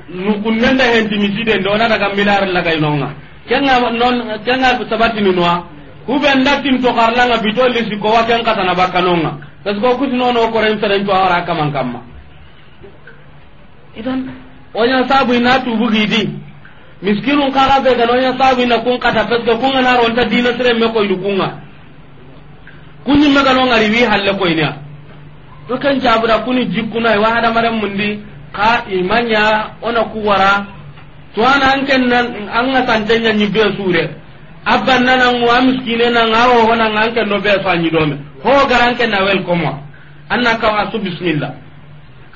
nukunnenda henti miside ndo na daga milar laga nonga. kenga non kenga sabati ninwa kube ndatin to karlanga bitolli siko waken katana bakanonga parce que kusi nono ko ren seren to ara kaman kamma idan onya sabu ina tubu gidi miskinun kaga be ga onya sabu ina kun kata parce que kun na ronta dina sere me ko kunga. kunyi magano ngari wi halle ko ina to kan jabura kuni jikuna wa hada maram mundi ka imanya ona kuwara to an ken nan an ga tantanya ni be sure abban nan an wa miskine nan awo no be dome ho na wel komo anna ka wa su bismillah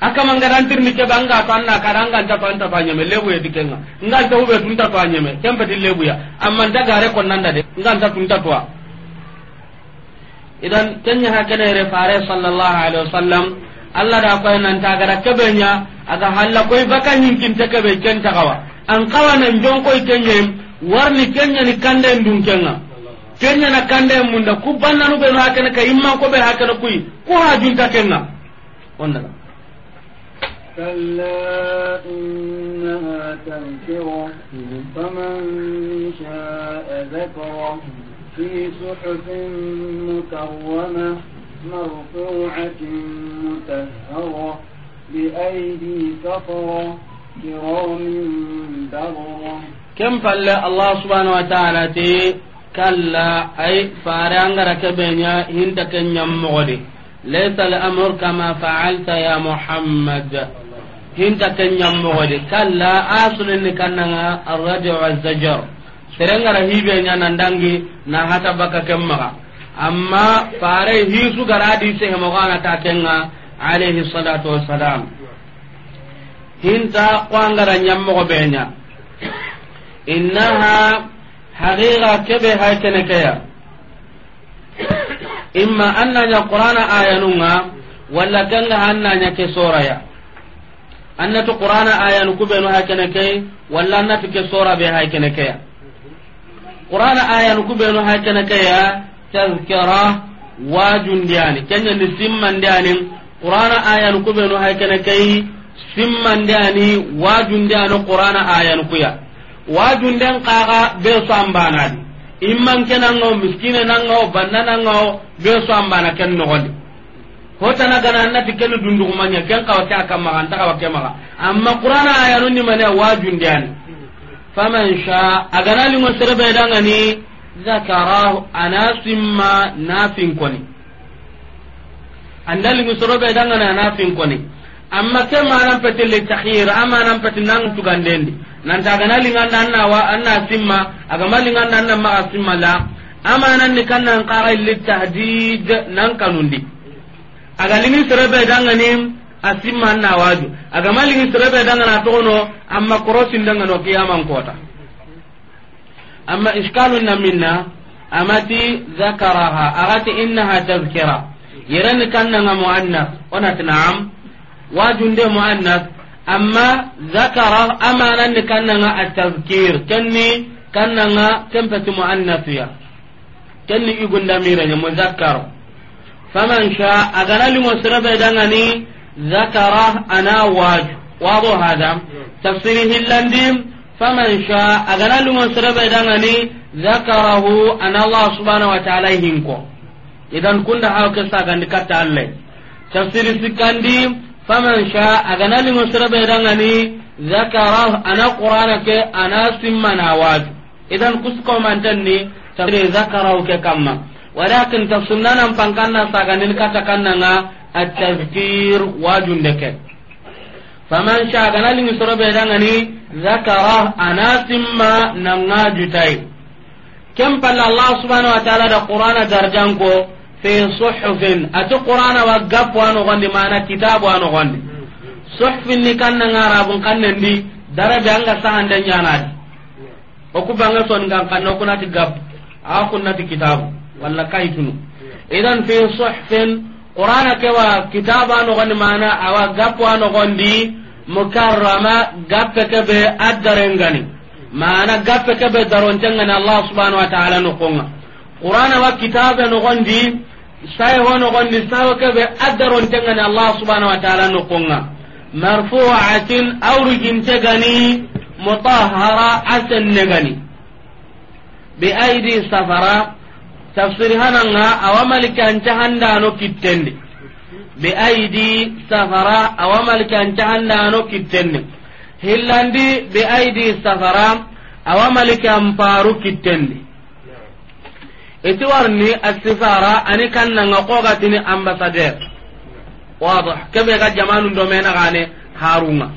aka ke banga to anna ta panta panya me lebu dikenga tunta panya me dilebu ya daga re de ta tunta to idan kenya ha kana re fare sallallahu alaihi wasallam Allah da ko nan ta gara kabenya aga halla koy baka kin ta kabe ken ta gawa an kawa nan jon koy kenya warni kenya ni kande ndun kenga kenya na kande munda ku banna nu be no hakana ka imma ko be hakana kuyi ko ha jun ta onda كلا إنها تذكرة فمن شاء ذكره في صحف مكرمة مرفوعة مطهرة بأيدي سفرة كرام بررة كم فل الله سبحانه وتعالى تي كلا أي فارانغرا كبنيا هندك نمغدي ليس الأمر كما فعلت يا محمد هندك نمغدي كلا أصل إن كان الرجع والزجر serengara hibe nya nandangi na hata baka kemma amma fare hisu garadi se mo kana ta kenga alaihi salatu wassalam hinta kwangara nyammo go benya innaha haqiqa kebe haykene kaya imma ya qur'ana ayanunga walla kanga annanya ke soraya annatu qur'ana ayanu kubenu haykene kay walla annatu ke sora be haykene kaya qur'ana ayan ku beno hakana kaya tazkira wajun diani kenya ni simman diani qur'ana ayan ku beno hakana kai simman diani wajun diani qur'ana ayan ku ya wajun den qaga be sambana ambanadi imman kenango miskine ngo banna ngo be so ambana ken nogodi na gana annati ken dundugumanya ken kawa ke akammaga ntakawa kemaga amma qur'ana ayanu ni mane wajun diani faman sha a gana agana lingo serebe dangani zakarahu anasimma nafin kwani an da limon anda lingo serebe dangani nafin kwani amma ke ma nan pete le takhir amma nan pete nan tugandendi nan ta gana limon nan nawa anna simma gama limon nan nan ma a simma la amma nan ni kan nan kara lit tahdid nan kanundi aga lingo serebe dangani asimma na waju aga malingi sirabe dangana togono amma korosin no kiyaman kota amma iskalun na minna amati zakaraha arati innaha tazkira yerani kannanga muannas onati naam wajunde muannas amma zakara amananni kannanga atazkir kenni kannanga muannas ya kenni ni muzakkar faman sha aganalimo sirabe ni ذكر أنا واجه واضح هذا تفسيره اللنديم فمن شاء أغنى لمن سرب دغني ذكره أن الله سبحانه وتعالى هنكو إذا كنت هاوك ساقن كتا الله تفسير سكاندي فمن شاء أغنى لمن سرب دغني ذكره أنا قرآنك أنا سمنا واجه إذا كسكو من تني تفسير ذكره كما ولكن تفسيرنا نمبان كنا ساقن كتا كنا التذكير واجن لك فمن شاء قال لي سورة بيدانني ذكر أنا سما نمنا جتاي كم قال الله سبحانه وتعالى دا قرآن درجانكو في صحف أتو قرآن وقف وانو غند ما معنى كتاب وانو غند صحف اللي كان نغارب كان ندي درجة أنغا سهن دنيانا oku banga son gan kanno kunati gab a kunnati kitabu walla kaytunu idan fi suhfin qur'ana kewa kitaba nogondi mana awa gapwa nogondi mukarrama gappe kebe addarengani mana gappe kebe daroncengani allah subhanau wa taala nokonga qur'ana wa kitabe nogondi saye ho nogondi sawo kebe addaroncengani allah subhanau wa taala nokonga marfuatin aurugintegani mutahara gani bi aidi safara tafsir hananga awa malike kittendi bi aidi safara awa malike kittendi hillandi aidi safara amparu kittendi iti warni asifara ani kannanga kogatini jamanu harunga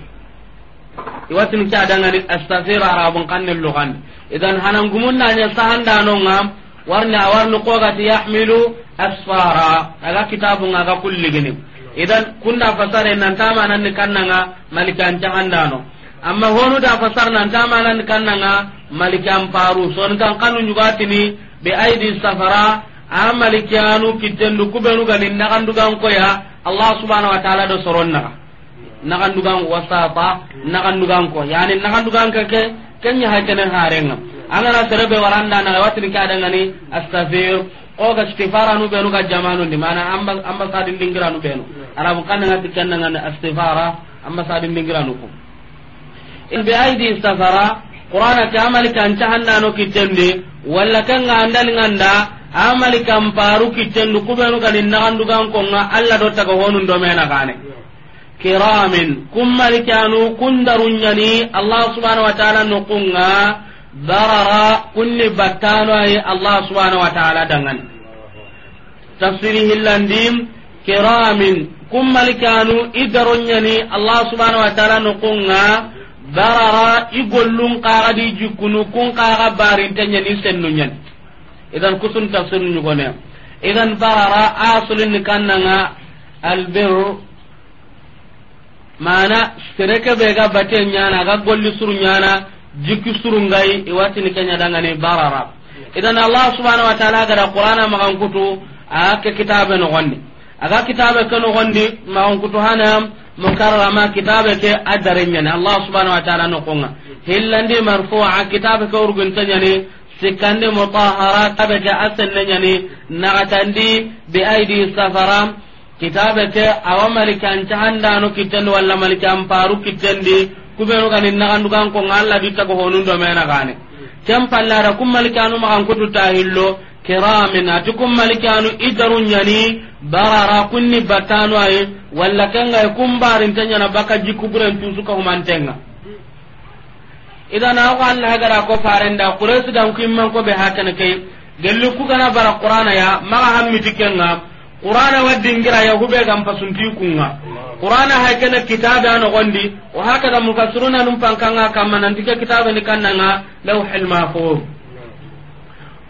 astafir arabun idan hanan warni awarni kogati yahmilu asfara aga kitabu nga aga kulligini idan kunda fasare nantama nanni kannanga malikan jahandano amma honu da fasar nantama nanni kannanga malikan paru son kan kanu nyugatini be aidi safara a malikanu kittendu kubenu gani nagandugan koya allah subhanahu wa ta'ala do soronna nagandugan wasata nagandugan ko yani nagandugan kake kenya hakene harenga angana serebe waranda na watini kada ngani astafir o ga istifara nu benu ga jamanu di mana amba amba sadin dingira nu benu arabu kan ngati kan ngani astifara amba sadin dingira nu ko bi aidi istafara qur'ana ta amali kan tahanna no kitende walla kan ngandal nganda amali kan paru kitende ku benu ga ninna andu gan ko nga alla do taga honun do mena kane kiramin kummari kanu kundarunyani allah subhanahu wa ta'ala nukunga kunni battano ay allah subhanahu wa ta'ala dangan tafsiri hillandim kiramin kummari kanu idarunyani allah subhanahu wa ta'ala nukunga darara igollun qaga di kun qaga barintenya sennunyan idan kusun idan mana sereke be ga bate nyana ga golli suru nyana jikki suru ngai iwatini kenya ni barara idan allah subhanahu wa ta'ala ga qur'ana magan kutu aka kitabe no gonde aga kitabe kano ma magan kutu hana mukarrama kitabe ke adare nyana allah subhanahu wa ta'ala no konga hillande marfu'a kitabe ka urgun tanyane sikande mutahara kitabe ga asan nyane nagatandi bi aidi Safaram. kitabe ke awa malike an cahandano kittendi walla malike an paru kittendi kubenu gani nagandugan ko ngalla ditta ko honun do mena gane kem pallara kum malikanu magan kutu tahillo kiramin ati kum malikanu idaru yani barara kunni batanu ay walla kenga e kum barin tanya na baka tusu ka humantenga idan awa Allah gara ko farenda quraysu dan kimman ko be hakana kay gelu ku gana bara qur'ana ya maga hammi tikenga qur'ana ya hube ga sunti kunga qur'ana haykena kitabe gondi wa da mufassiruna nun pankanga kamma nantike kitabu ni kannanga lawhil mahfuz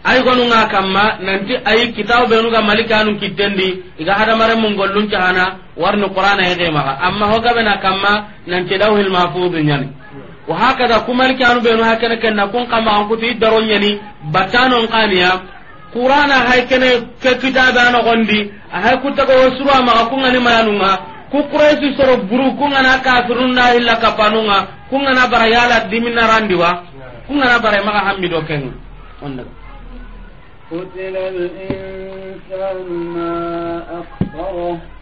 ay gonunga kamma nanti ay nuga malika malikanu kittendi iga hadamare mun gollun cahana warni qur'ana yegemaga amma hogabena kamma nanti lawhil mahfuz nyani wa hakada kumalkanu benu hakena kenna kun kamma ankuti daron nyani batano nkaniya qur'ana hay kene ke kitaba ku soro buru na kapanunga ku bara yala dimina randiwa bara maka hammi do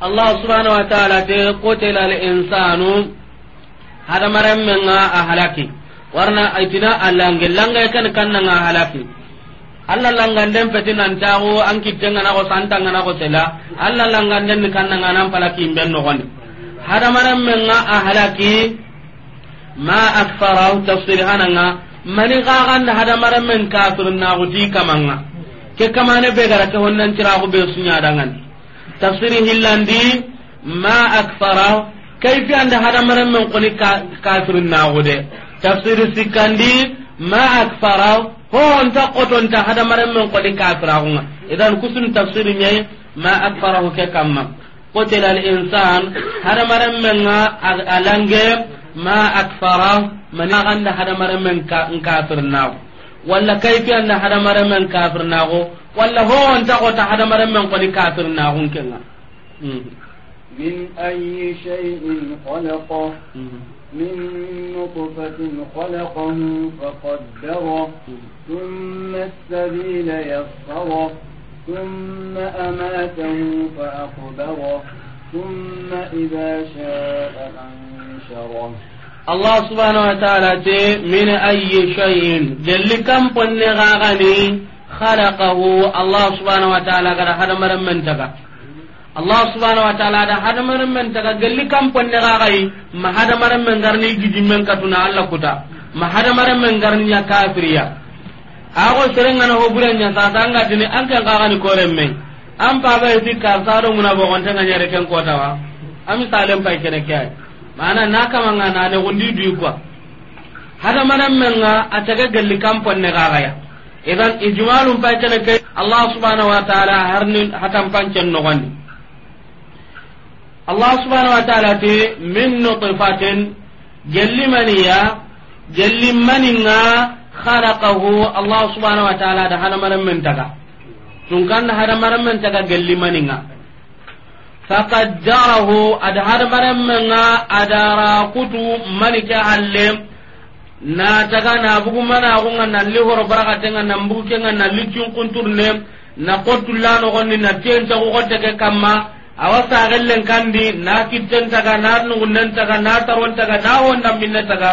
Allah subhanahu wa ta'ala te al-insanu hada maram a warna aitina kan kan alla langanden peti nantaxu an kittenganaxo santanganaxo sela alla langanden ni kannanganan palakimben noxondi hadamaren men ga a halaki ma akfarahu tafsir hananga mani xaxanda hadamaren men kafirnaxuti kamanga ke kamane be gara ke honnanciraxu be suñadangani tafsiri hillandi ma akfarahu kayfi anda hadamaren men koni kafirinnaxu de tafsiri sikkandi ma akfara ta hada hadamaren men kafira kafirahunga idan kusun tafsiri ñayi ma akfarahu ke kamma ko kotel al insan hadamaren menga a alange ma akfara hada hadamaren men ka kafir nkafirnaku walla kayfi anna hada hadamaren men kafir kafirnaku walla ho on howonta hada hadamaren men kafir kodi kenna min ayi shay'in khalaqa من نطفة خلقه فقدره ثم السبيل يسره ثم أماته فأقبره ثم إذا شاء أنشره الله سبحانه وتعالى من أي شيء جل كم قلنا غاغني خلقه الله سبحانه وتعالى قال هذا من تبقى allah subhanahu wa ta'ala da hadamaren men daga galli kampon ne ga gai ma hadamaren men garni gidi men katuna allah kuta ma hadamaren men garni ya kafiriya ago ngana ho burenya sa sanga dini an kan ga ni koren men an pa ba ti ka saro muna bo wonta ngani re ken kota wa ami salem pai kene kai mana na kama ngana ne gondi du ko hadamaren men ga ataga galli kampon ne ga gaya idan ijmalun pai kene kai allah subhanahu wa ta'ala harnin hatam pancen no gani allah subhanahu wa ta'ala ti min nutfatin jellimaniya jellimaninga khalaqahu allah subhanahu wa ta'ala da hanamaran men taga tun kan da hanamaran men taga jellimaninga faqaddarahu ada hanamaran men nga adara kutu malika halle na taga bugu mana ko horo baraka tenga na mbugu kenga na li na qotulla no gonni na tienta ko ke kamma awa sagellen kandi na kitten taga na nugunnen taga na taron taga na wondan minne taga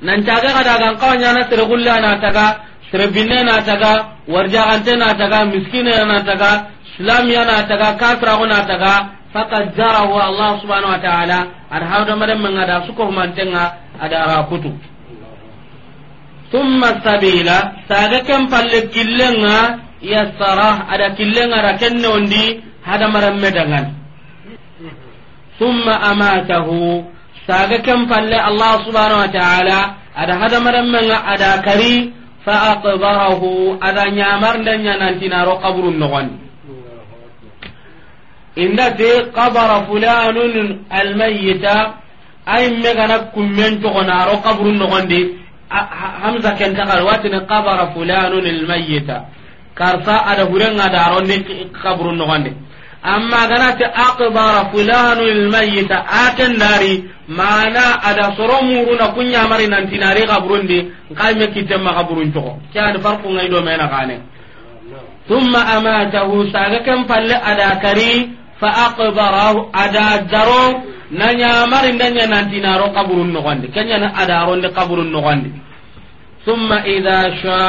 nan taga kada gan kawanya na sere gulla na taga sere binne na taga warja ante na taga miskine na taga islamiya na taga kafira ko na taga faqad jarahu allah subhanahu wa ta'ala ar hawda madan man ada suko mantenga ada ra kutu thumma sabila saga kam palle killenga yasara ada killenga rakenne ondi hada maran medangan summa amatahu saga kan palle allah subhanahu wa ta'ala ada hada maran menga ada kari fa aqbarahu ada nyamar dan nyananti naro qabrun nogon fulanun ay kummen qabrun hamza fulanun karsa ada hurenga daronde qabrun amma ganati aqbara fulanu almayyita aken dari mana ada soro muruna kunya mari nan tinari kabrundi kalme kitem ma kaburun toko kyan farqu ngai do mena kane thumma amatahu saga kam palle ada kari fa aqbarahu ada jaro nanya mari nanya nan tinaro kaburun no gonde kanya ada ronde kaburun no gonde thumma idha sha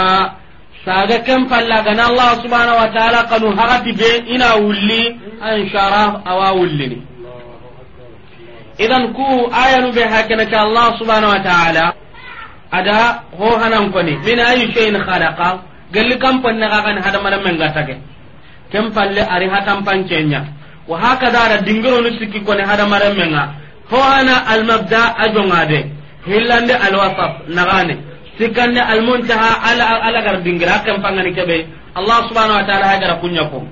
saga ken palla gana allah subhanahu wa ta'ala kanu hagati be ina wulli an sharaf awa wullini idan ku ayanu be hakana ka allah subhanahu wa ta'ala ada ho hanan koni min ayi shay'in khalaqa galli kam panna ga kan hada maram men gatage kem palle ari hatam pancenya wa hakada da dingiro nu sikki koni hada maram men ho ana al mabda ajongade hillande al wasaf nagane sikanne almuntaha ala ala gar dingira kan pangani kebe allah subhanahu wa ta'ala hagara kunya ko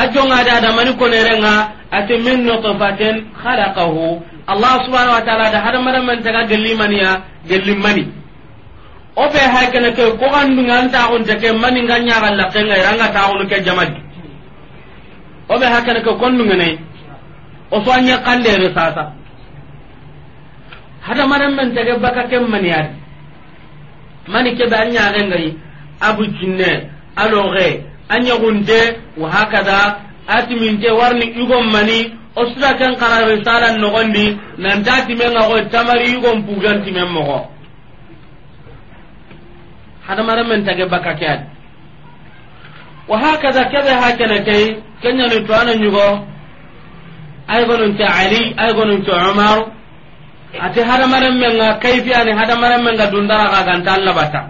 ajonga da da mani ko nerenga ate min nutfatin khalaqahu allah subhanahu wa ta'ala da hada mara man taga gellimaniya gellimani o be hay kana ke ko andu nganta on take mani nganya galla kenga ranga ta on ke jamad o be hay kana ke kondu ngene o so anya kande re sasa hada mara man taga baka kemmani adi mani ke be anya ga ngai abu kinne aloge anya gunde wa hakada atimin te warni igom mani osura kan kara risala nogondi nan dati men ga go tamari igom pugan timen mo hada maramen tage bakakat wa hakada kabe hakana kai kanya ni to anan yugo ay gonun ta ali ay gonun ta umar ate hadamaren men ga kaifi ani hadamaren men ga dundara ga ganta Allah bata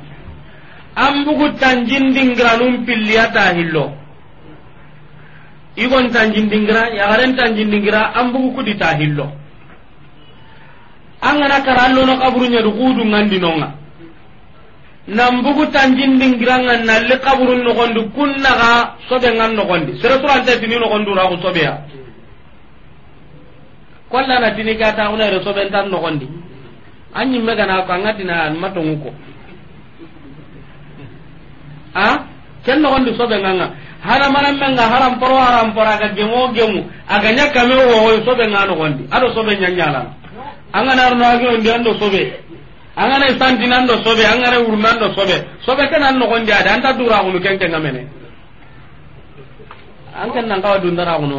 an bugu tanjindingira num pilliyata hillo igon tanjindingira yagaren tanjindingira an bugu kudi ta hillo an gana kara allono kaburuñedu nonga. nan bugu tanjindingiranga nalli kaburun nogondi kunnaga soɓengan nogondi sere surante fini nogonduraku soɓeya kolla na tini ka ta una reso ben tan no gondi anyi me gana ko angati na mato nguko a ken no gondi so ben nganga haram maram men haram poro haram pora ga gemo gemu aga nya kame wo wo so ben ngano gondi ado so ben nyanyala anga na no agi ndi ando so be anga na santi do so be anga na urman do so be so be ken an no gondi ada anta dura ko ken ken ngamene an ken nan ka dundara ko no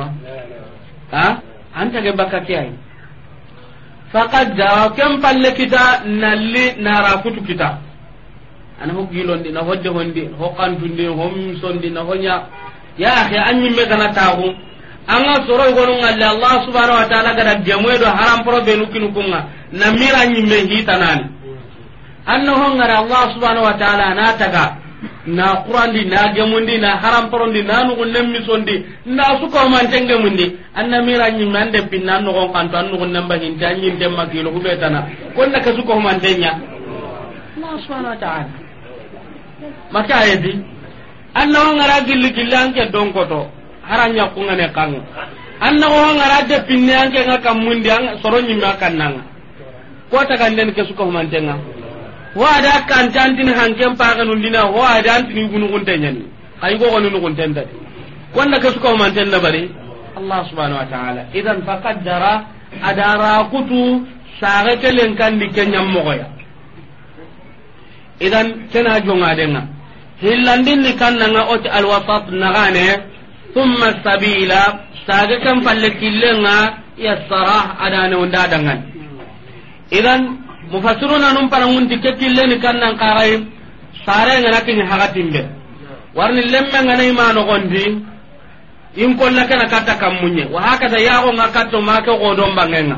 ha anta ge bakka ke ay faqad jaa kam palle kita nalli nara kutu kita ho gilondi na hodde hondi ho kantundi hom sondi na honya ya akhi me kana anga soro gonu ngalle allah subhanahu wa ta'ala gada do haram pro be nukinu kunga na mira nyi me hitanani ngara allah subhanahu wa ta'ala na taga na qurandi na gemundi na haram porondi na nugu nemmi sondi na suko man tenge mundi anna mira nyi mande pinna no gon kan tan nugu namba hin tan nyi dem magilo ku betana kon na kasuko man tenya Allah subhanahu wa ta'ala maka ayedi anna on ngara gilli gillan ke don koto haranya ku ngane kan anna on ngara de pinne an ke ngaka mundi an soro nyi ma kan nan ko ta kan den kasuko man tenga wa ada kan tantin hanken pagan undina wa ada antini gunu gunten yani kay go gonu gunten da wanda ke suka man tan da bare allah subhanahu wa ta'ala idan faqaddara adara kutu saga kelen kan dikenyam mogoya idan kena jonga denga hillandin ni kannanga oti alwasat nagane thumma sabila saga kan palle killenga yassara adane unda dangan idan mufassiruna num parangundi ke killeni kannan kaxay sare ngana kini hakatimɓe warni lemme ngana ima nogondi in kolla kana katta kammunye wa hakata yaxonga katto make xodon bangenga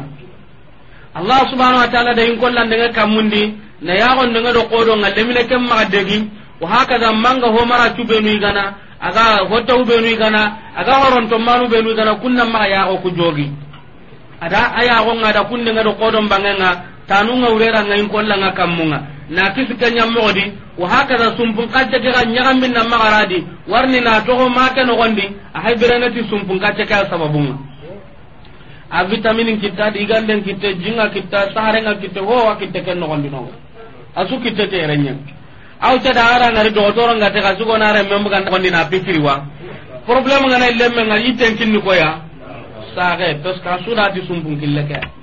allah subhanau wa taala da in kollandenge kammundi na yaxondenge do xodonga lemine ken maxa degi wa hakata manga homara ni gana aga hottawu ɓenu igana aga horontommanu ɓenu igana kunnan maxa yaxo ku jogi ada a yaxonga da kundenge do xodon bangenga tanunga urera ngai kolla nga kammunga na kisike nyammogodi wa hakada sumpun kacce ke ga nyagambin na magaradi warni na togo make nogondi ahay birenati sumpun kacce ke sababunga a vitaminin kitta diganden kitte jinga kitta saharenga kitte howa kitte ken nogondi nogo asu kitte ke erenya aw cada ara ngari dogotoro ngate ka sugona remmembu kan nogondi na pikiriwa problème ngana lemme nga yitten kinni koya sage parce que a sudati sumpun kille ke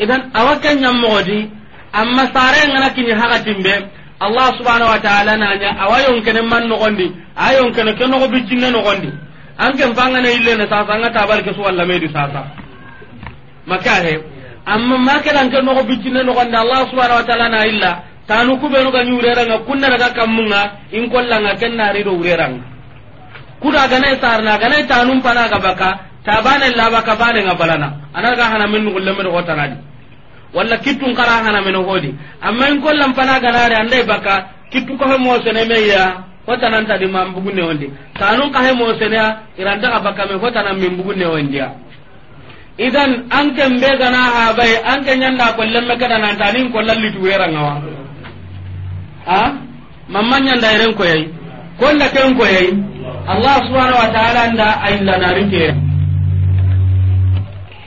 idan awaka modi amma sare ngana kini timbe allah subhanahu wa ta'ala nanya awayon kene man nogondi ayon kene ke nogo biccinga nogondi anken fangana na sasa anga tabal ke suwalla medi sasa maka he amma makedan ke nogo no nogondi allah subhanahu wa ta'ala na illa tanu no ga ranga kunna daga kamunga in kollanga ri do ureranga kuda na ga ganai tanu pana ga baka tabane labaka bane nga balana anaga hana min ngulle mer tanadi wala. kittun kara hana meno hodi amma in kollan pana ganare andai baka kittu ko mo sene meya nan tadi mam ka he mo sene iranda ka baka me nan min idan gana ha bai an kan yanda kollan kada nan tanin kollan litu wera ngawa ha mamman yanda iren ko yayi kolla ken ko yayi allah subhanahu wa ta'ala nda ayin lanarin ke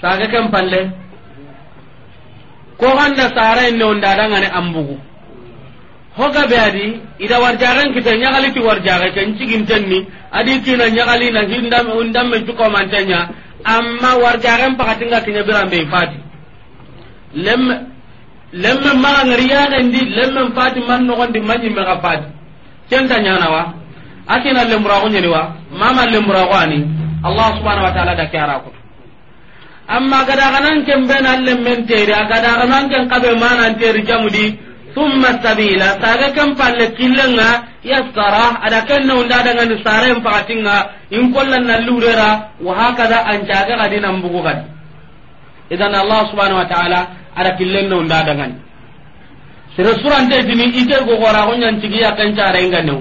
saga kan palle ko ganda sara en non dada ngane ambugu hoga beadi adi ida warjaran kita nyagali ti warjaga ken cigin tenni adi tina nyagali na hindam undam me tuko mantanya amma warjaran pakati nga kinya be fati lem lemme maga ngari yaxendi lemmen fati man no nogondi mañimme ga fati ken kenta ñanawa atina lemburaxu ñeni wa mama lemburaxu ani allah subhanahu wa taala da ke ko amma gada ganan ken ben allen men teri gada ganan ken kabe manan teri jamudi thumma sabila saga kan palle killenga yaskara ada ken no nda daga ni sare en patinga in kollan na lurera wa hakada an jaga gadi nan bugu gadi idan allah subhanahu wa ta'ala ada killen no nda daga ni suran surante dini ite go gora ko nyan tigi ya kan tare ngane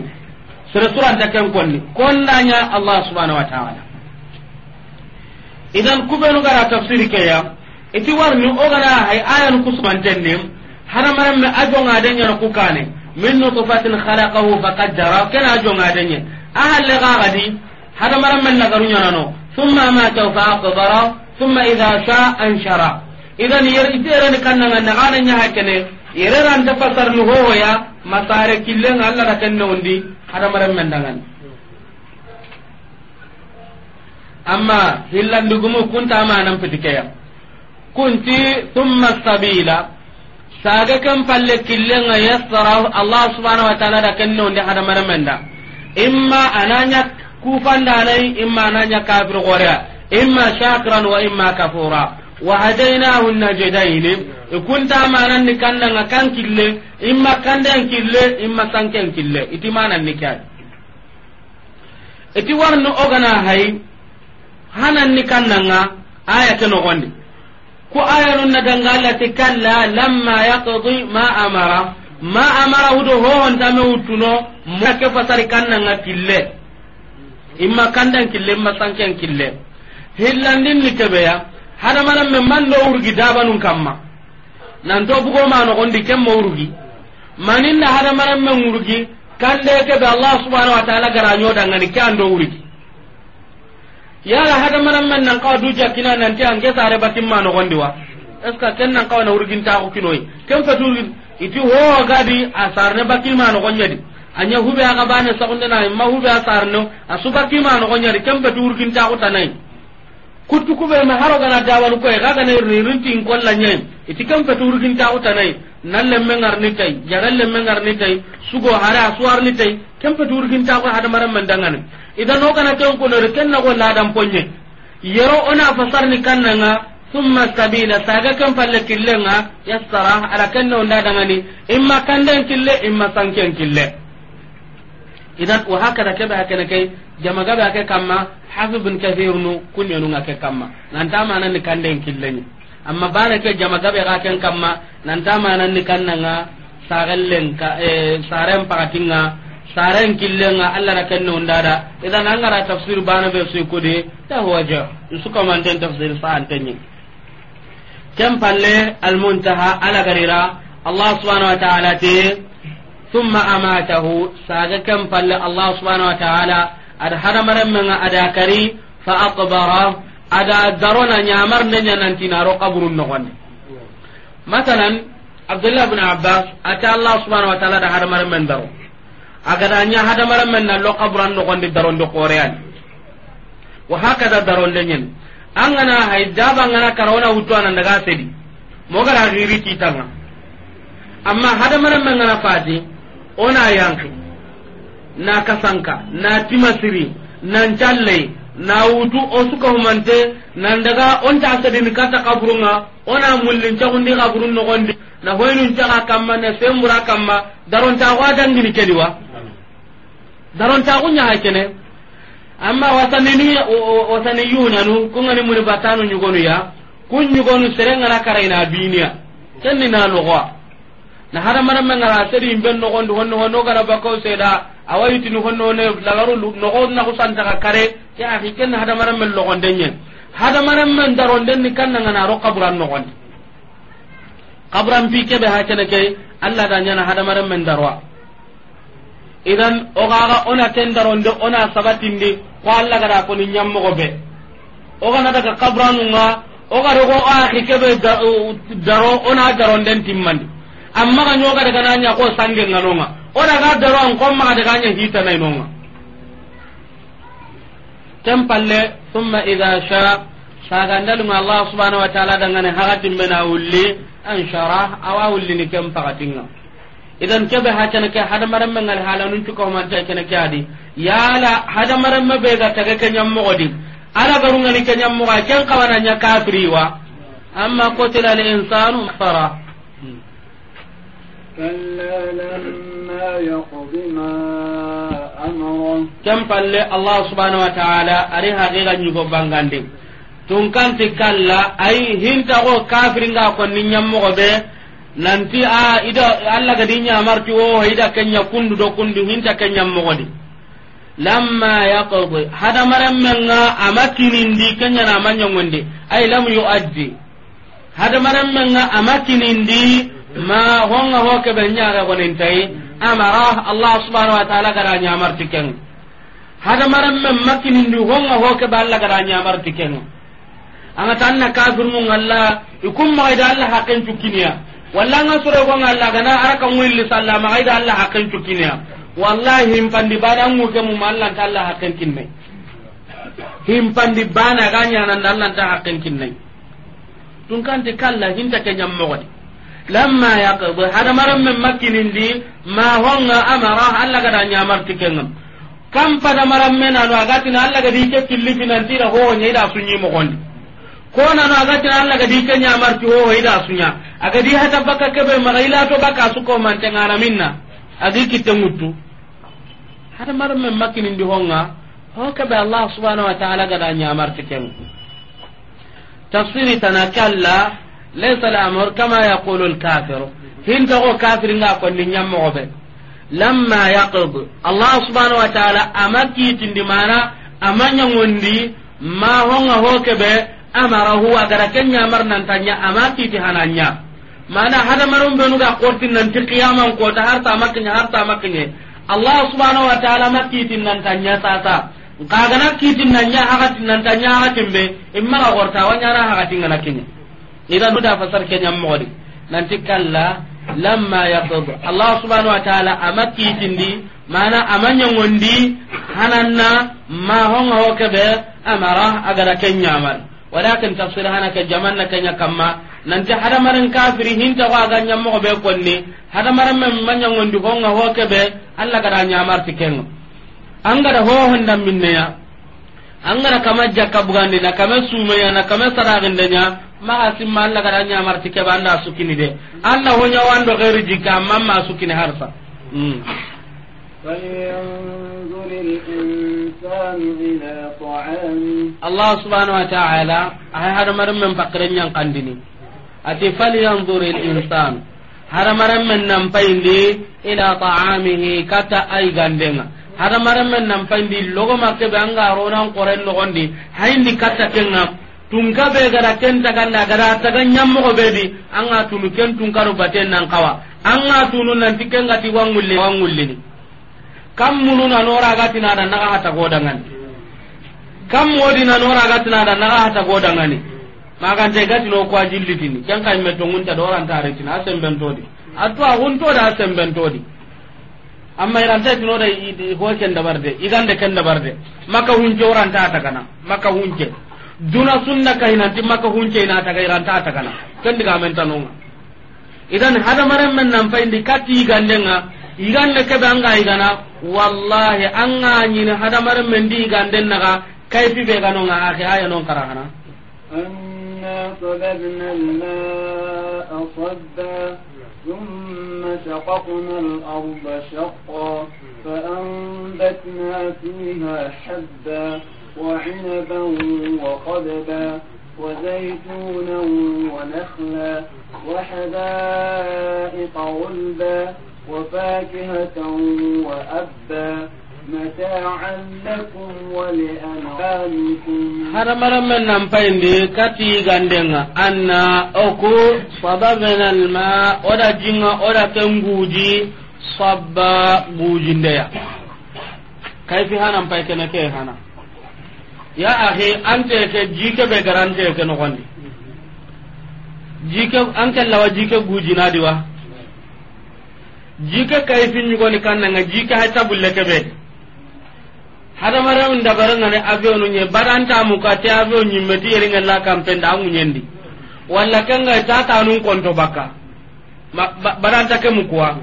suran surante ken konni konnanya allah subhanahu wa ta'ala idan kubenu gara tafsiri keya iti warni ogana hay ayan kusugantenni hadamarenme a jongadenñana kukane min nutfatin halakahu fakaddara kena a jongadenye a halle gagadi hadamarenme lagaruñanano summa amatahu fa akdara summa ida sha anshara idan itereni kannanga naganeñaha kene yereranta fasarni hohoya masare killenga allah ra kenne wondi hadamarenme ndagani amma hillandigumu kunta amanan pitikeya kunti thumma sabila saga kan palle killenga yassara allah subhanahu wa ta'ala da kenno ndi hada maramenda imma ananya kufanda nay imma ananya kafir qorea imma shakran wa imma kafura wa hadainahu an-najdayn kunta amanan ni hay hanan ni kannanga aya ke nogondi ko aya non na alla ti kalla lamma yaqdi ma amara ma amara hudo hohontame wuttuno moa ke fasari kannanga kille imma kandan kille imma sanken kille hillandin ni keɓeya hadamadan me man do urgi dabanun kamma ma bugoma nogondi ken mo urgi maninna hadamadan men urgi kande keɓe allah subhanau wa taala gara ñodangani ke an do urgi yala manan man nan kawa kina jakkina nanti anke sare batimma nogondi wa est ce que ken nan kawa na urgintaku kinoyi ken fetu iti ne a sarne bakkilma nogonyadi anya hube aga bane sagundena imma hube a sarne a subakkilma nogonyadi ken ta urgintaku tanayi kutu kube ma haro gana dawal koy ga gana ririnti in kolla nyen iti kam fa urgin ta utanai nan le lemme ni tay jagal lemme ni tay sugo hara ni tay kam fa urgin ta ko hada maram mandangan idan ogana tenkunori ken nago ladan poñe yero ona fasarni kannanga summa sabila saga ken palle killenga yassara ala ken ne ondadangani imma kanden kille imma sanken kille idan wahakada keɓe a kene kay jamagaɓe ake kamma hafi bin kahir nu kuñenunga ke kamma nantamananni kanden killeñi amma bana ke jamagaɓe ga ken kamma nantamananni kannanga sarenpaxatinga eh, saren killenga allah na kenne undada idan an gara tafsir bana be su kudi ta huwaja su kamanten tafsir sa'an tanyi kem palle al muntaha ala garira allah subhanahu wa ta'ala te thumma amatahu saga kem palle allah subhanahu wa ta'ala ad hadamaren men ada kari fa aqbara ada darona nyamar nenya nantina ro qabrun nogonde masalan abdullah bin abbas ata allah subhanahu wa ta'ala da hadamaren men daro agada nya hadamara men na lo qabran no gonde daronde qorean wa hakada daronde nyen angana haidaba ngana karona hutu anan daga sedi mogara giri tanga amma hadamara men ngana fati ona yanki na kasanka na timasiri na challe na wutu o suka humante na daga on ta sedi ni kata kaburunga ona mullin ta gundi kaburun no gondi na hoynun ta kamma na sembura kamma daron ta wa dangini kediwa daron ta kunya hakene amma wasanini wasaniyuna nu kungani muni batanu nyugonu ya kun nyugonu serenga na karaina biniya kenni na lugwa na hada mara menga ha sedi imben no gondo honno honno gara bakaw seda awayiti no honno ne lagaru no gonna ko santa ka kare ya hi ken hada mara men lo gonde nyen hada mara men daron den ni kan ngana ro kabran no gondi kabran bi ke be ha kene ke Allah da nyana hada mara idan ogaga ona tendaronde ona sabatindi ko alla gara ko ni nyammo koni be ɓe ogana daga kabranunga ogada go axi keɓe daro ona daronden timmandi amma ga nyoga daga nanya ko sangen ko sangenganonga odaga daro an ko ma daga hita hitanainonga nonga tempalle summa ida sha sagandalunga allah subhanahu wa taala daga ne haxatimɓe na wulli an shara awa ni ken pagatinga idan kebe ha kene ke hada maramme ngal halanun cuka man ta kene ke adi yala hada maramme be ga taga ke nyam mo odi ala ke nyam mo ga ken nya kafiri wa amma qutila al insanu fara كلا لما يقض ما أمره كم قال الله سبحانه وتعالى أريها غير أن يقبان غاندي تنكنت كلا أي هنتا غو كافرين غاقون نينيام nanti a ah, ida allah gadi marti o oh, ida kenya kundu do kundu hinta kenya mogodi lamma yaqdi hadamaren men ga ama kinindi kenyana ama ñongondi ay lam yuaddi hadamaren men ga ama kinindi ma honga ho keɓe ñaga gonintayi amara allah subhanau wa taala marti ñamarti kenga hadamaren men ma kinindi honga ho keɓe allah gara marti kenga anga tan na kafir mu ngalla ikum ma ida allah haqen cukiniya walla nga sure ko ngalla gana araka mulli sallama aida allah haqqin tukinya wallahi himpandi bana mu ke mu malla ta allah haqqin kinne himpandi bana ganya nan allah ta haqqin kinne tun kan de kalla hinta ke nyam mo wadi lamma yaqdi hada maram min makinin di ma honga amara allah gada nyamar tikengam kam pada maram men anu agatina allah gadi ke killi ra ho nyida sunyi mo gondi ko nano aga tira alla gadi ke ñamarti wowo ida suña agadi hata bakka keɓe maxa ilato bakka sukomantengana minna agi kitte ŋuttu hada maro men makkinindi honga ho keɓe allah subhanau wa taala gada ñamarti ken tafsiri tana kalla laysa lamor kama yaqulu lkafiru hintaxo kafiringa konni ñammoxoɓe lamma yaqid allah subhanau wa taala ama kiitindi mana ama ñagondi ma honga ho keɓe amarahu agara kenya mar nan tanya ama kiti hananya mana hada marum benu ga qortin nan ti qiyamam ko ta harta makinya harta makinya allah subhanahu wa ta'ala makiti nan tanya tata kagana kiti nan nya hagati nan tanya hagatin be imma ga qorta wanya na hagati ngana kinya idan da fasar kenya modi nan ti kalla lamma yaqud allah subhanahu wa ta'ala ama amakitindi mana amanya ngondi hananna ma honga hokebe amara agara kenya man walakin tafsir hana ka jaman na kanya kamma nan ta hadamaran kafiri hinta wa ga nyam mo be konni hadamaran men manya ngondi honga ho kebe alla ga nya mar tiken anga da ho kama jakka bugande na kama sumaya kama saraginde nya ma asimma alla ga nya mar tike banda sukini de alla ho nya wando gairi jika mamma sukini harfa mm. الإنسان إلى طعامه الله سبحانه وتعالى هذا مرم من فقرين ينقندني أتي فلينظر الإنسان هذا مرم من نمبين إلى طعامه كتا أي غندنا هذا مرم من نمبين دي لغو مكتب أنغا رونا قرين لغن دي هين دي كتا كنا tunka be gara ken taganda gara taga nyammo be anga tunu ken tunka ro baten nan kawa anga tunu nan tikengati wangulle wangulle ni kam munu na nora gati na da naga hata godangan kam modi na nora gati na da naga hata godangani maga te ga tino ko ajillitini kan kan me tongun ta doran ta re asem ben todi atu a hun to da ben todi amma iran ta tino da ko ken da barde idan da ken da barde maka hunje oran ta ta kana maka hunje duna sunna ka ti maka hunje na ta ga iran ta ta kana ken diga men tanonga idan hada maran men nan fa indi kati gandenga iganne keɓe anga igana wallahi anga ñini hadamaren men ndi iganden naga kayfi ɓe ganonga axe aya non kara xana صببنا الماء صبا ثم شققنا الأرض شقا فأنبتنا فيها حبا وعنبا وقدبا وزيتونا ونخلا وحدائق غلبا وفاكهة وأبا متاعا لكم ولأنعامكم هرمرا من نمفين دي كتي غندنا أن أكو صببنا الماء ولا جنة ولا تنبوجي صبا بوجنديا كيف ya ahe an teke jike be garan teke no gondi jike an jike jike kayfi ñugoni kannanga jike hada maram nda hadamaremin ne avion mu ka te avion ñimme ti yeringella da mu nyendi walla kenga tatanun konto bakka badanta ke mu kuwa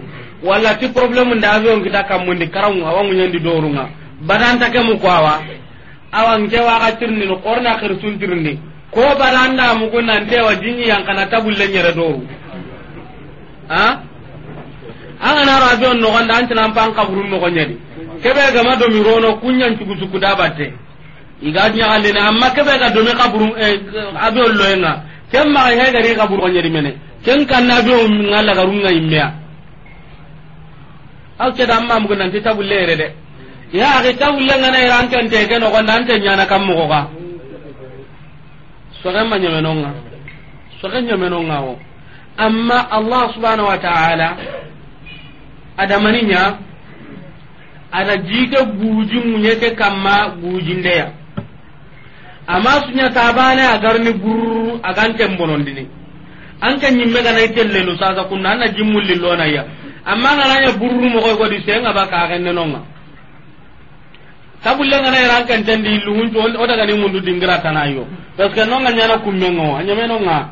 walla ti problem nda avion kita kammundi karaŋu awa ŋuñendi doruŋa ah. badanta ke mu wa awa nke waxa tirndini korna sun tirni ko mu badandamuku nantewa jinñi yankana tabulle nyere do ha an angana radio nogonda antina ampan kaburun nogonyadi kebe gama domi rono kunyan cugusuku dabatte iga ñagalini amma kebe ga domi kaburun eh, abiol loyenga ma maxa hegari kaburu gonyadi mene ken kanna abio nga lagarunga immeya aw keda amma mugunanti tabulle yere de yaxi tabulle ngana yere antente ke nogonda ante ñana kam nga so ñemenonga soxe ñemenonga o amma allah subhanau wa taala adamani nya ada jike guji muñeke kamma gujindeya ama suña tabane agarni an ka bonondini anke ñimme ganai tellelu sasa kunna anna ya amma gananya burru mogoy godi senga ba kaxennenonga tabulle ngana yara kentendi illuguncu o dagani mundu dingira tanayo parce que nonga ñana kummengo a ñamenonga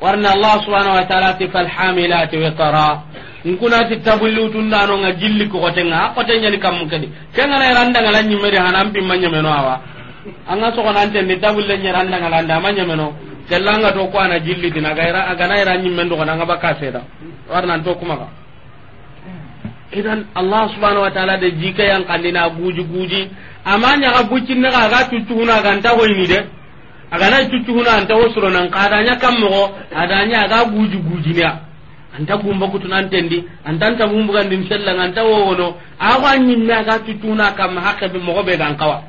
warna allah subhanau wa taala ti falhamilati witara nkuna nkunati nga jilli ko nga kokotenga a koteñani kammu kedi kengana erandangala ñimmedi hana bi pimma ñameno awa anga so sogonantenni tabulle ñerandangalande ama ñameno kellanga to ko ana jillitin agara agana era ñimmen dogona anga warna to kuma kumaga idan allah subhanahu wa taala de jike yang kandina guji guji ama ñaga buccinne ga aga cuccuhuna aganta hoyni de agana cuccuhuna anta wo soronan kadanya kammogo adanya aga guji guji gujinia anta gumba kutu nan tendi anta ta gumba kan dim sella anta wono awa nyinna ga tutuna kam hakka be mo be gan kawa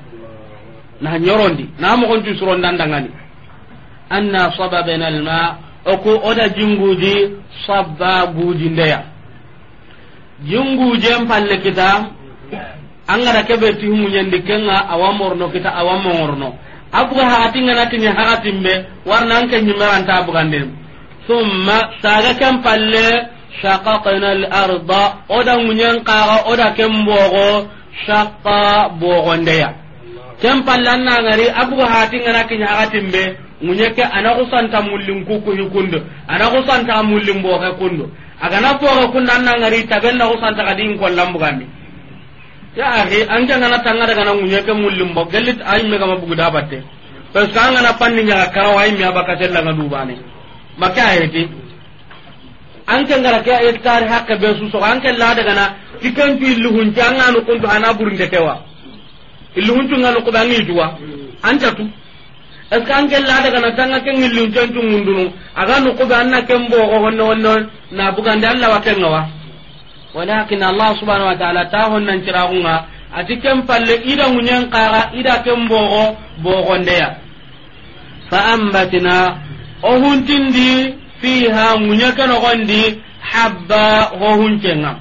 na nyorondi na mo gon tu suron dandangani anna sababana alma oku oda jinguji sabba guji ndeya jinguje palle kita angara kebe ti humunyandi kenga awamorno kita awamorno abuga hati ngana tinya hakatimbe warna anke nyimera anta ثم ساغكم فل شققنا الأرض أدا منين قاغا أدا كم بوغو شقا كم فل غري هاتين كي بي na kusanta kadin kollam bugandi ya ahi tanga daga na munyeke mullin bo gelit ay mega mabugu panni abaka maka ayeti anke ngara ke ayet tar hakke be su so anke la daga na tikan fi luhun janga no kuntu ana burin de tewa luhun tu ngalo ko bangi duwa anta tu es ka anke la daga na tanga ke ngilun tantu mundunu aga no ko na kembo ko honno honno na bugan dalla wa kenwa walakin allah subhanahu wa ta'ala ta honnan ciragunga ati ken palle ida munyen kara ida ken bogo bogondeya fa ambatina o huntindi fiha muñake nogondi haba ho huncenga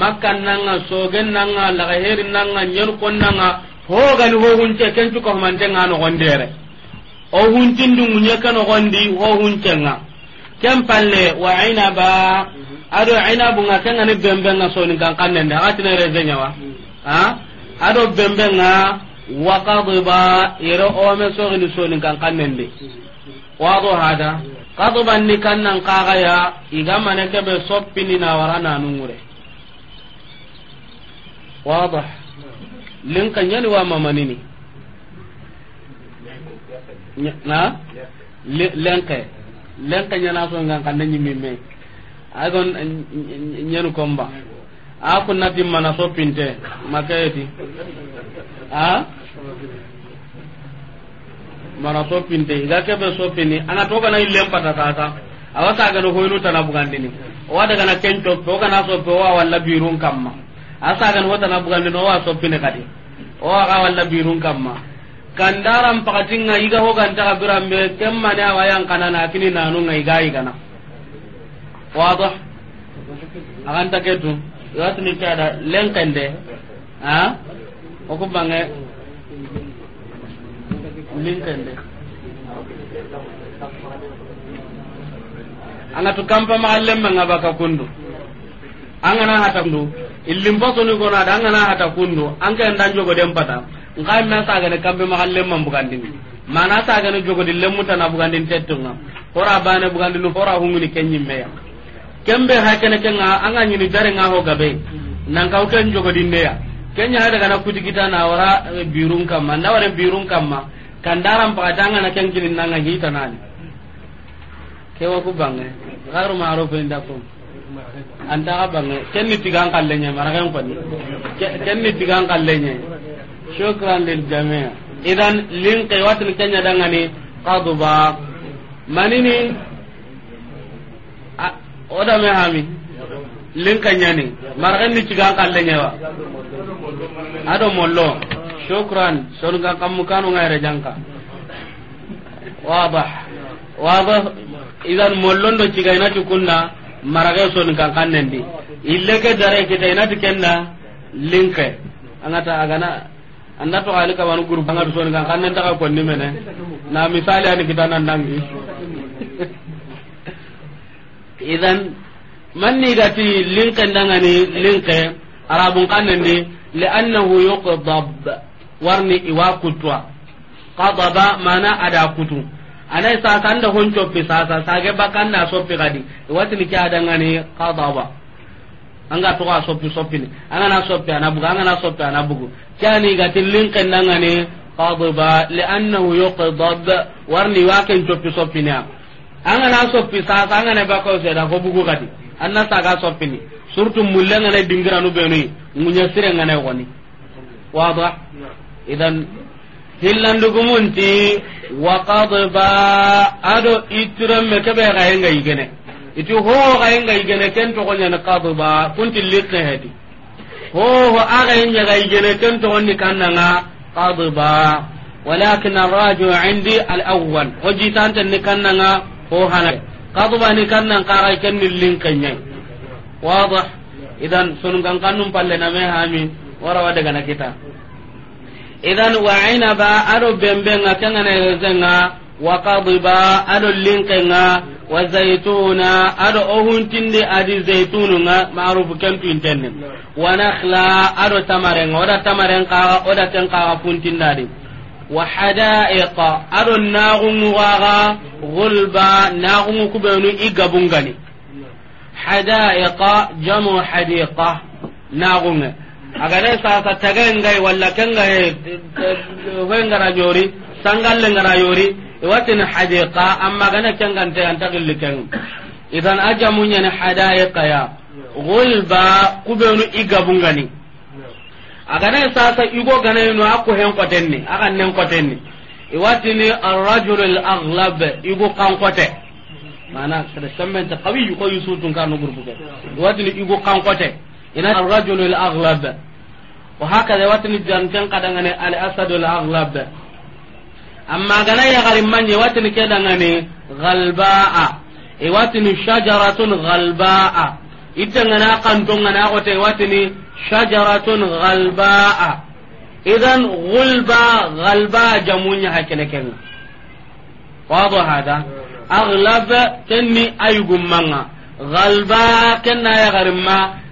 makkan nanga sogen nanga lagaherin nanga ñerkon nanga hogani ho hunce kencukahumantenga nogondere ohuntindi huntindi muñake nogondi ho huncenga ken palle wa inaba mhm. ado inabunga kengani bembenga sonin kan kannende agatine reseñawa mhm. a ado bembenga wa kadiba ire ome sogini sonin kan kannende mhm. wado hada kaduban ni kannan kaga ya iga ke be soppini na warana nungure wado lin kanyani wa mamanini na lenke lenke nyana so ngan kanne nyimi me agon nyenu komba a kunna timmana soppinte makayeti a mara soppinte iga keɓe soppini ana togana illen pata sasa awa sagano hoynu tana bugandini owa dagana ken coppe ogana soppe owa walla birun kamma a sagano ho tana bugandini owa soppine kadi owa ka walla birun kamma kandaran pakatinga iga hogantaga biranɓe kemmane awa yankanana akini nanunga iga yigana wado aganta ketu igatini kada lenkende a okubange linkende angatu kampa magallemma nga baka kundu angana hata kundu illim fasoni gona da angana hata kundu anka ndan jogo dem pata ngai na saga ne kampe magallemma bugandini mana saga ne jogo dillem tana bugandini tettunga hora bane bugandini hora hunguni kenyimme ya kembe ken kenga anga ni dare nga ho gabe nan kauten jogo ne ya kenya hada kana kita na wara eh, birun kamma na wara birun kamma kan kandaran pakatanga na ken kinin nanga hita nani kewa ku bange garu maro pe nda ko anda ka bange ken ni tigang kallenye marakan pani ken ni tigang kallenye shukran lil jamia idan lin qiwatin kenya dangani qaduba manini oda me hami lin kanyani marakan ni tigang kallenye wa ado mollo shukran songa kammu kanu ngayre idan marage kan dare kita linke angata agana anda to ali ka kan konni mene na misali ani kita nan dangi idan manni linke ndangani linke arabun warni iwa kutwa qadaba mana ada kutu anai sasa anda honcho sa sasa sage bakan na soppi kadi wati ni kada ngani qadaba anga to ka soppi soppi ni anga na soppi ana bugu anga na soppi ana bugu kani ga tilin kan ngani qadaba annahu yuqdab warni waken soppi soppi ni anga na soppi sasa anga na bako se da ko bugu kadi anna saga soppi ni surtout mulle ngane dingira nu ni munya sire ngane woni ba. idan hillandugumunti waqadba ado itiremme keɓe xayenga yigene iti hoho xayenga igene ken to gonya na qadba kunti litne ho hoho a xayenñaga yigene ken to toxonni kananga qadba walakin arraju indi al awal ho jitantenni kananga ho hana kadbani kannan ken kenni linkeñay wadah idan sonungan kannum me hami warawa na kita idan wa inaba ado bembenga kangana ezenga wa qadiba ado linkenga wa zaituna ado ohuntindi adi zaitununga ma'ruf kentu intenne wa nakhla ado tamarenga oda tamarenga oda tenka funtindadi wa hadaiqa ado nagungu waga gulba nagungu kubenu igabungani hadaiqa jamu hadiqa nagungu agane sasa tagengai walla kengaye hoengara yori sangalle ngara yori watin hadiqa amma gana kengante anta gilli keng idan ni hadaiqa ya gulba kubenu igabungani agane sasa igo no aku hen kotenni aga nen kotenni rajul al-aghlab igo kan te mana kada ta qawiyu ko yusutun kanu gurbuke watin igo kan te. ina alrajul alaghlab wa hakadha watni jantan kadangane al asad alaghlab amma gana ya garin manje watni kadangane galbaa e watni shajaratun galbaa itangana kantun ngana ko te watni shajaratun galbaa idan gulba galba jamunya hakilekeng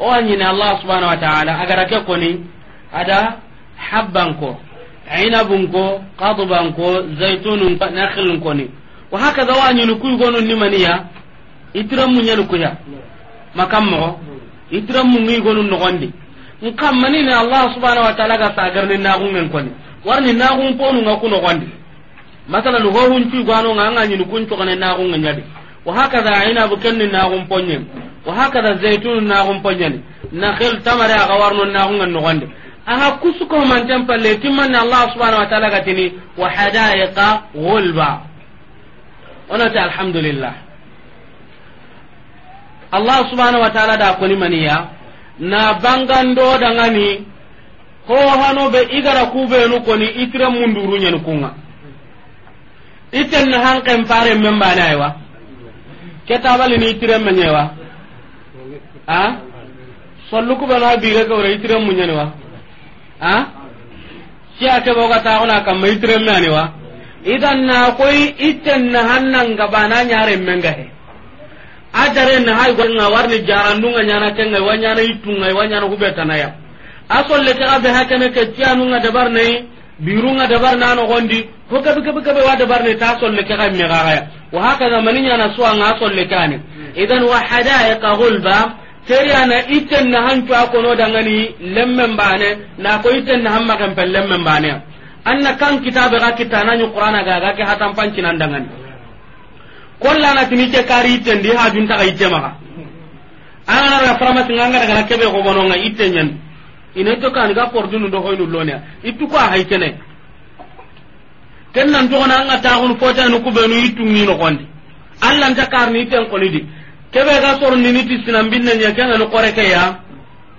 o anyini allah subhanahu wa ta'ala agara ke koni ada wa kuya allah wa ta'ala warni nga nga kana na nyadi wa hakaza kenni na gun wa hakada zaitun na gun panyani na khil tamare ga warno na gun ngan gonde aha kusuko man tan palle timman Allah subhanahu wa ta'ala gatini wa hadaiqa gulba ona ta alhamdulillah Allah subhanahu wa ta'ala da koni maniya na bangando da ngani ko hano be igara no koni itire munduru nyen kunga iten na hankan pare memba naiwa ketabalini itire menyewa a sollu ku bana bire ka wara itire munyani wa a si ake boga ta ona kam mai itire mani wa idan na koi itten na hannan ga bana nyare menga he a dare na hay na warni jarandunga nyana ken ngai wanya na itun ngai wanya na ya a solle ka be hakene ke tianunga dabar nei birunga dabar na no gondi ko bi ka be wa dabar nei ta solle ka me ga ya wa haka zamani na suwa nga solle kane idan wa hadaiqa gulba keriyana itten na hancu a kono dangani lemmen bane na ko itten na hamma kan pel lemmen bane anna kan kitabe ga kitana nyu qur'ana ga ga ke hatan pancinan dangani kollana tini ke kari itten di ha junta ga itte maka ana ra farama tinga ngara ga kebe ko bono nga itten nyen ine to kan ga pordunu do hoynu lonya itu ko hay kene ken nan to na nga ta hun fota nu ku benu itu ni no kondi allah ta karni itten di. kebe ga sor nini ti sinan binne nya kana no kore ke ya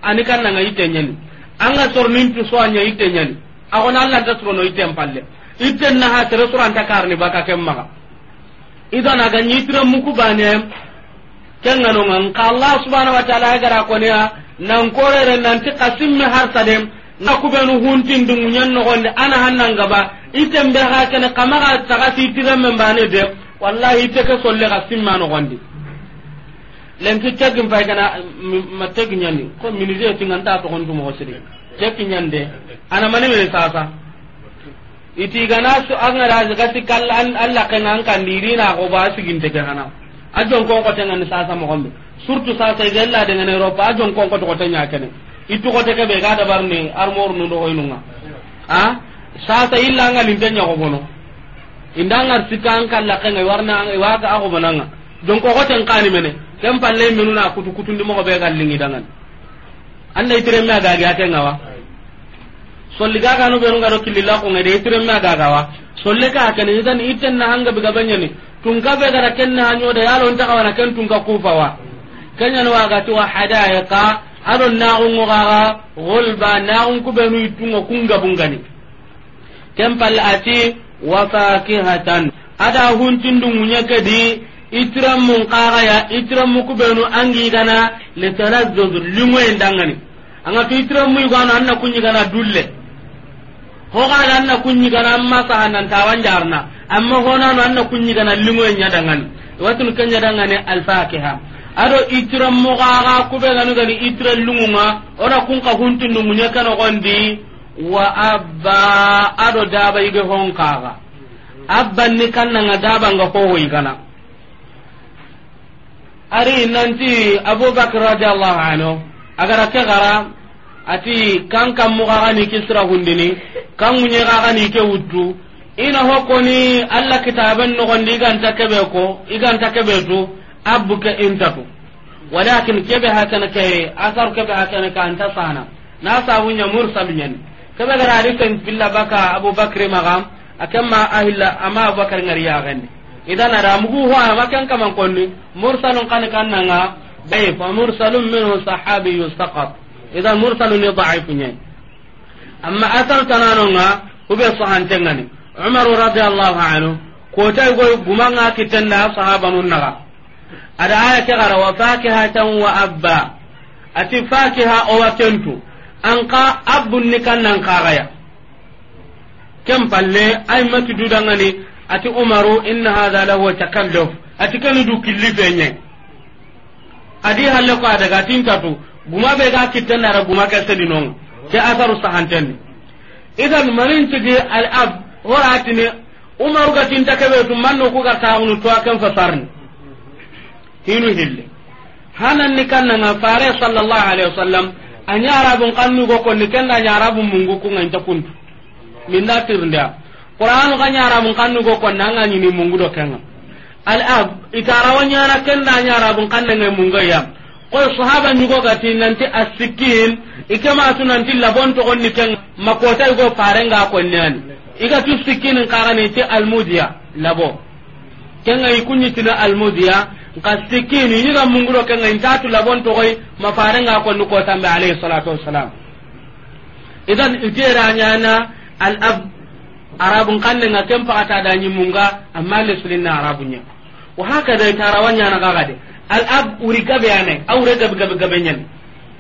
ani kan nga ite nyani anga sor nin tu so anya ite nyani ako na Allah ta soro ite palle ite na ha tere soro anta karni baka kemma idan aga nyitira muku bane kenga no ngan ka Allah subhanahu wa ta'ala gara ko ne nan kore ren nan ti qasim mi har sadem na ku benu huntin dum nyan no gonde ana hannan gaba item be ha kana kama ga tagati tira men bane de wallahi ite ke solle qasim ma no gonde lenki kegin pay kana ma tegi nyandi ko minise tinga nta to kon tumo sidi cekki nyande ana mani me sasa iti gana su an ra zaga kal an alla kan an kan na ko ba sigin te kana ajon kon ko tanga ni sasa mo gombe surtout sasa gella de ngene a ajon kon ko to tanya kene itu ko te ke be ga da barne armor nu do a ha sasa illa ngal intenya ko bono indanga sikan kan la kan warna waga ko bonanga donc ko ten kani mene kem palle minu kutu kutu ndi mogo be gallingi dangan anda itiremme aga ga tenga wa solli ga ga no be ngaro kililla ko ngade itiremme aga ga wa solle ka kan idan itten na hanga be gabanya ni tunka be gara ken na hanyo da yalo nta kawana ken tunka kufa wa kenya no aga to hadaiqa adon na ungo ga golba na ungu ku be nu itungo kunga bungani kem palle ati wa fakihatan ada huntindu munyakedi itiram mun qagaya itiram mu kubenu angi gana le tanazzuz limoy endangani anga to itiram mu gana anna kunyi gana dulle ho gana anna kunyi gana amma sahanan tawanjarna amma hona no anna kunyi gana limoy nyadangani watun kanya dangani al-fakiha ado itiram mu qaga kubenu gani lumu ma ora kun ka huntun numunya kana gondi wa abba ado daba ige hon qaga abban ni kannanga daba nga ko hoyi gana ari nanti abubakar radiallahu anhu agara ke gara ati kan kammuxaxani sira hundini kan ŋuñexaxani ke wuttu ina hokkoni allah kitaben noxondi iganta keɓe ko iganta keɓe tu abbu ke intatu walakin keɓe hakene ke asaru kebe hakene ke anta sana na sabuña mursalu ñani keɓe gara ari ken pilla baka abubakri maxa a kemma ahilla ama abubakar ŋari idan ada mugu ho ama kan kaman konni mursalun kan nga bay fa mursalun min sahabi yusaqat idan mursalun yadha'if ne amma asar tananonga ube ngani umar radhiyallahu anhu ko tay go gumanga kitanda sahaba nun na ada aya ke gara wa fakihatan wa abba ati fakiha o wa kentu an ka abbun ni kannan kagaya kem palle ay matu dudangani ati umaru inna hadha lahu takalluf ati kanu du killi fenye adi halle ko adaga tintatu guma be ga kitan na ra guma ka sedi non ke asaru sahanten idan manin tigi al ab ne. umaru ga tinta ke be tum manno ko ga taunu to akan fasarni hinu hille hanan ni kan na fare sallallahu alaihi wasallam anya rabun kannu go ko ni kenda anya arabun mungu ku ngan takun min natir ndia qur'anu ka nyara mun kannu go kon nan ngani ni mungu do kenga al ab itarawa nyara kenda nyara bun kanne ngai mungu ya ko sahaba ni go gati nanti asikin ikama tu nanti labon to onni ken makota go farenga kon nan iga tu sikin karani ti almudia labo kenga ikunyi tina almudia nka sikini ni ga mungu do kenga intatu labon to koy mafarenga kon ko tambe alayhi salatu wassalam idan itira nyana al ab arabun kanne nga kem pakata da nyimunga amma le na arabunya wa hakada itarawanya na de al ab uri gabe ane re gabe gabe gabe nyen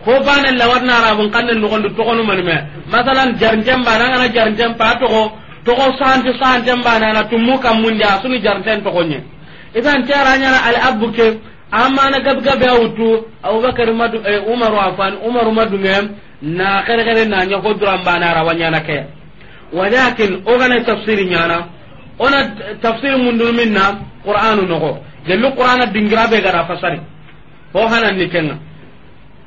ko bana la warna arabun kanne no gondu to kono manme masalan jarjem bana ngana jarjem pa to ko to ko sante sante bana na tumu kam munja suni jarjem to gonye idan taranya al abu ke amma na gabe gabe awtu abubakar madu eh, umaru afan umaru madu ngem na kare kare na nyakodura bana rawanya na kaya walakin ogana tafsiri ñana ona tafsiri mundunu min na qur'anu nogo gelli qur'ana dingira be gara fasari ho ni kenga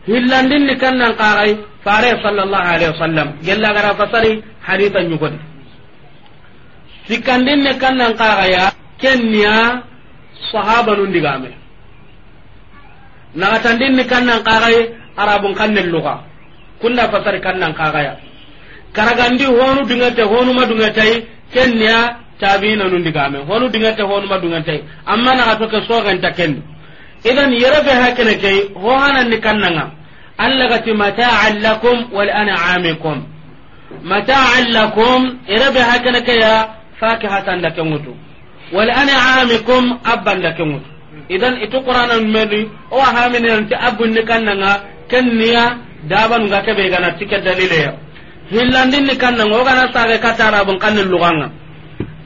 hillandin ni kan nan qaray fare sallallahu alaihi wasallam gella gara fasari haditha nyugodi sikandin ni kan nan qaraya kenya sahaba nun digame nagatandin ni kan nan qaray arabun kan nan luga kunda fasari kan nan qaraya karagandi honu te honu ma dungatai kenya tabina nun digame honu te honu ma dungatai amma na to ke so ganta ken idan yarabe hakene kai ho hanan ni kannanga alla gati mata'an lakum wal an'amikum mata'an lakum be hakene kai ya fakihatan lakum wutu wal an'amikum abban lakum wutu idan itu qur'anan meli o yan anti abun ni kannanga kenya daban ga kebe gana tike dalile ya hillandin ni kanna ngo gana sage katara bun kanni luganga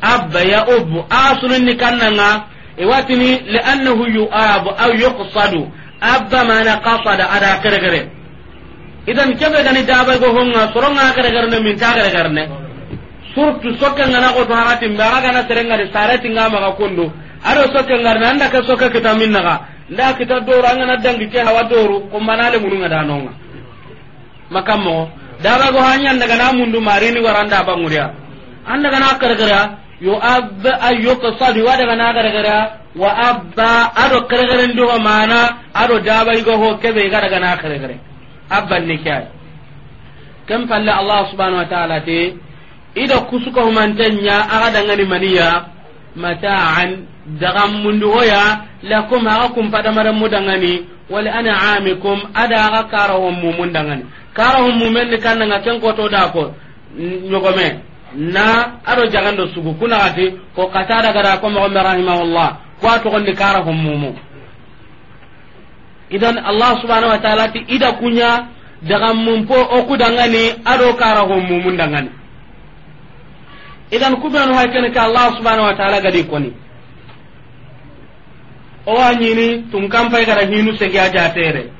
abba ya ubu asulun ni kanna nga iwatini li annahu yu'abu aw yuqsadu abba mana qasada ada kere kere idan kebe gani daba go honga soronga kere kere ne min ta kere kere ne surtu sokke ngana ko to haratin ba aga na serenga de sarati ngama ka kondo ado sokke ngarna anda ka sokke kitamin ga nda kita doro na dangi ke hawa doro ko manale mununga danonga makammo daba go hanya daga na mundu ni waranda banguriya anda kana kargara yo ayo ko sadi wa daga na gargara wa abba ado kargara ndo mana ado daba go ho kebe ga daga na abba ni nikah kam falla allah subhanahu wa ta'ala te ida kusuka humantanya aga daga ni maniya mata'an daga mundu hoya lakum aga kum pada maram mudangani wal amikum ada aga karahum mumundangani kara hum mumen ni kannanga ken koto da ko nyogome na aro jagando sugu kuna ati ko katada gara ko mo rahimahullah ko to ni kara hum mumu idan allah subhanahu wa ta'ala ti ida kunya daga mumpo o kudangani aro kara hum mumu dangani idan kubanu hakene ka allah subhanahu wa ta'ala gadi koni o wa nyini tun kampai gara hinu segi aja tere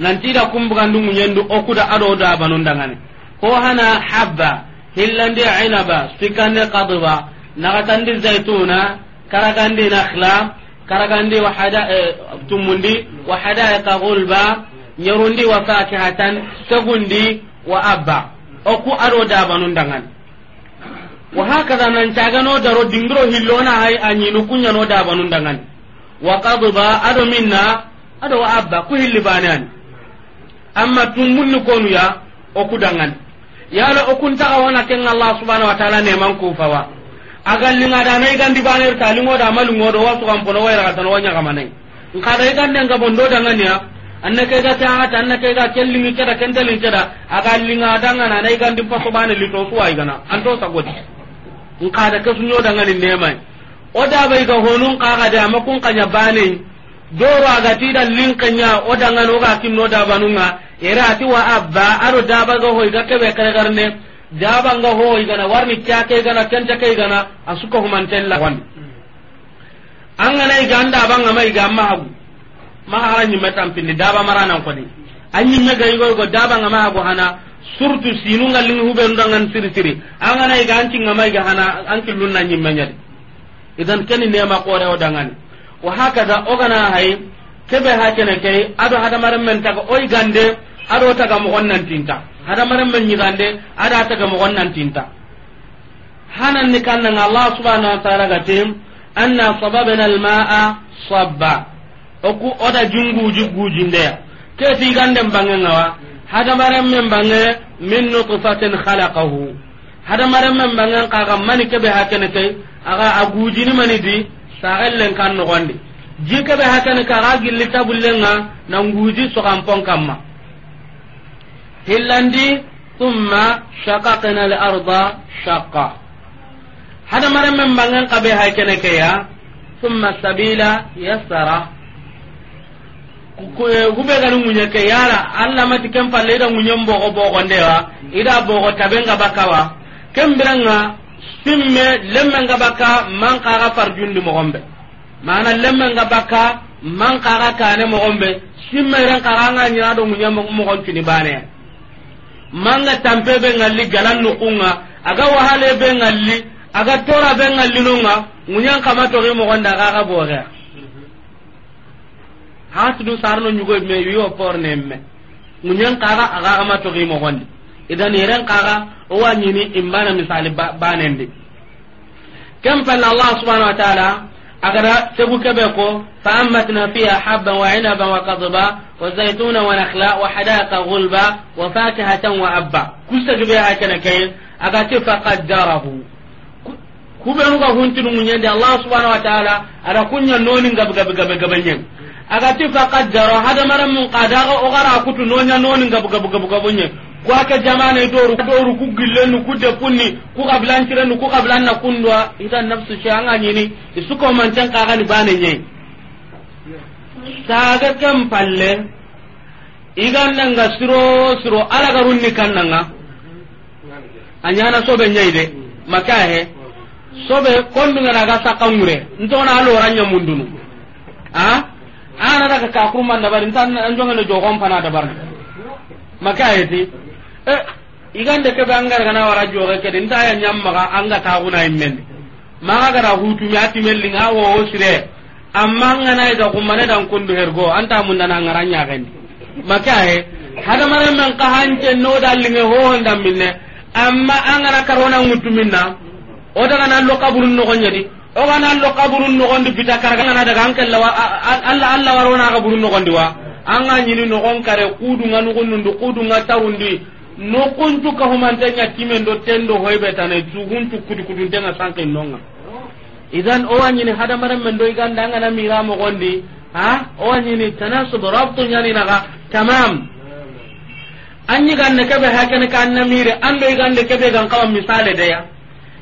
nanti da kumbugandu munyendu okuda ado da banundangani ko hana habba hillandi inaba sikande qadba nagatandi zaituna karagandi nakhla karagandi wa hada eh, tumundi wa hadaika gulba nyarundi wa fakihatan sagundi wa abba oku ado da banundangani wa hakaza nan cagano daro dingiro hillona hay anyinu kunyano da banundangani wa qadba ado minna ado wa abba ku hilli banani amma tumbunni konuya oku dangan yala okuntaxa awana ken allah subhanahu wa taala neman kufawa agallinga dana igandi baner talingoda amalungodo wa suganpono wayragatano wa ñagamanai nkada igandenga bondo danganiya anna kega taata anna kega kellingi keda kentelin keda agallinga dangana ana igandi pa sobane lito suwa igana anto sagoti nkada ni ne mai o bai ga honun ga da kun kanya bane doro agati da linkanya o dangan no kinno dabanunga era ati wa abba aro daba ga hoy kebe kare garne daba ga hoy gana warni kyake gana kenta kai na asuka humantella wan angana iganda banga mai ga mahagu mahara nyi metam pindi daba marana kodi anyi mega yugo go daba ga mahagu hana surtu sinu ngalin hube ndangan siri siri angana iganti ngamai ga hana ankilunna nyi menyadi idan ne nema ko o dangani wa hakaza ogana hay kebe ha kene kay ado hada maram men taga oy gande ado taga mo gonnan tinta hada maram men ni gande ada taga mo gonnan tinta hanan ni kan nan allah subhanahu wa ta'ala gatim anna sababna almaa sabba oku oda jungu jugu jinde ke ti gande bangengawa hada maram men bange min nutfatin khalaqahu hada maram men bange kaga mani kebe ha kene kay aga agujini mani di saxellen kan noxondi jikeɓe hakene kaxa gilli tabullenga nanguji soxanpon kamma hillandi tumma shakakna larda shaka hadamaren men bangen kaɓe hakene keya tumma sabila eh, kube gani ŋuɲe ke yala ken palle ida ŋuɲen bogo bogondewa ida bogo tabenga bakawa ken simme lemme nga baka man kaga farjundi mogombe mana lemme nga baka man kaga kane mogombe simme ren kaga nga nyina do munya mogon tuni bane manga tampe be ngalli galan nu kunga aga wahale be ngalli aga tora be ngalli nunga munya kama to ri mogon daga ga boga hatu du sarno nyugo me yo porne me munya kaga aga kama to ri mogon idan yeren kaga o wa nyini imbana misali banendi kam falla allah subhanahu wa ta'ala agara tebu kebe ko fa ammatna fiha habban wa inaban wa qadba wa zaytuna wa nakhla wa hadaqa ghulba wa fakihatan wa abba kusa gibe ha kana kay aga ti faqaddarahu kube nuka huntinu munyande allah subhanahu wa ta'ala ara kunya noni gab gab gab gab nyen aga ti hada maram mun qadaga o gara kutu nonya noni gab gab gab gab nyen gwake jamane doru doru ku gillennu ku depunni ku kabilancirennu ku kabilanna kundwa ita nafsu she anga ñini isukomanten kagani bane ñayi saga ken palle igannanga siro siro alagarunni kannanga a ñana soɓe ñayi de maka he soɓe kondunganaga sakkangure ntona aloranña mundunu a anadaga kakurumandabari nta njongene jogon pana dabarni maka heti e igande kebe angara gana wara joge din nta ya nyammaga anga taguna ma ga gara hutu ya ti melling ha wo sire amma ngana ga ne dan kundu hergo anta mun nan ngara nya gandi maka he hada maran man ka hanje no dalinge ho honda minne amma angara karona mutu minna o daga nan lo kaburun no gonyadi o ga nan lo kaburun no gondi bita karga nan daga ankel lawa alla alla warona kaburun no gondi wa anga nyini no kare kudu nganu kundu kudu ngatawundi nukuntu kahumantenya kimendo tendo hoybetane tuguntu sanke sankinnonga idan owañini hadamaren do iganda angana miramogondi ha owañini tanasub rabtu ñaninaga tamam anñigande keɓe hakene ka anna mire ando igande keɓe gan kawa misale deya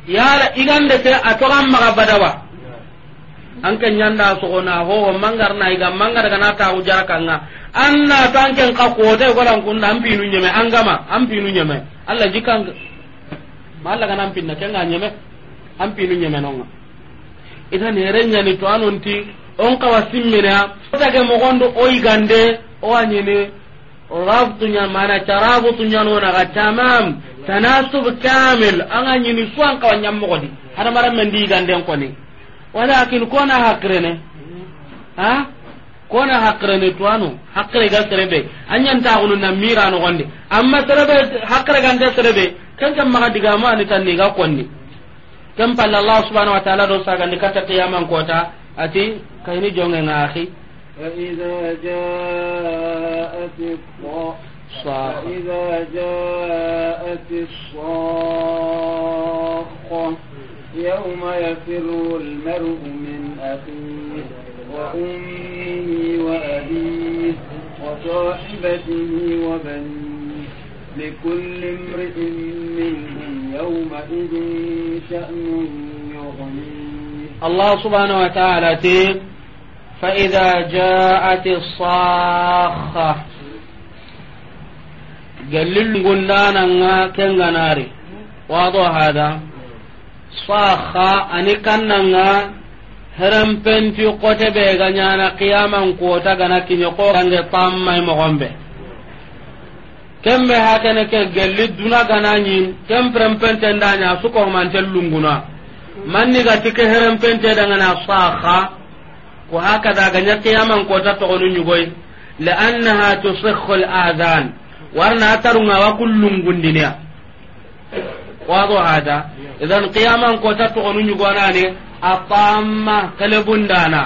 yala igande ke a togan maga badawa anke nyanda sogona ho mangar na iga mangar kana ta ujara kanga anna tanke ka ko de golan kun nan pinu nyeme angama am pinu nyeme alla jikang malla kana am pinna kenga nyeme am pinu nyeme nonga idan yerenya ni to anonti on kawa simmina tage mo gondo o igande o anyene rabtu nya mana tarabutu nya na ga tamam tanasub kamil anga nyini suan kawa nyammo godi hada maram mendi igande on koni walakin kona hakrene ha kona hakrene tuano hakre ga serebe anyan ta gulu na mira no gonde amma serebe hakre ga nda serebe kan kan maga diga ma ni tan ni ga konni kan palla allah subhanahu wa ta'ala do saga ni kata qiyamang kota ati kaini jonge na akhi فإذا جاءت الصاخة فإذا جاءت الصاخة يوم يفر المرء من أخيه وأمه وأبيه وصاحبته وبنيه لكل امرئ منهم يومئذ شأن يغنيه الله سبحانه وتعالى فإذا جاءت الصاخة قال للقلانا نعم، كنغناري واضح هذا saha ani kannanga herempenti kote be ga nyana qiyaman kota gana kinyo ko kange pammai mogombe kembe hakene ke gelli duna gana nyin kem prempente ndanya suko man tellunguna manni ga tike herempente daga na saha ko haka da ganya qiyaman kota to gonu nyugoi لأنها تصخ الآذان وأنها ترمى وكل قندنيا wado hada idan qiyaman kota togonu ñugonani a tamma kelebundana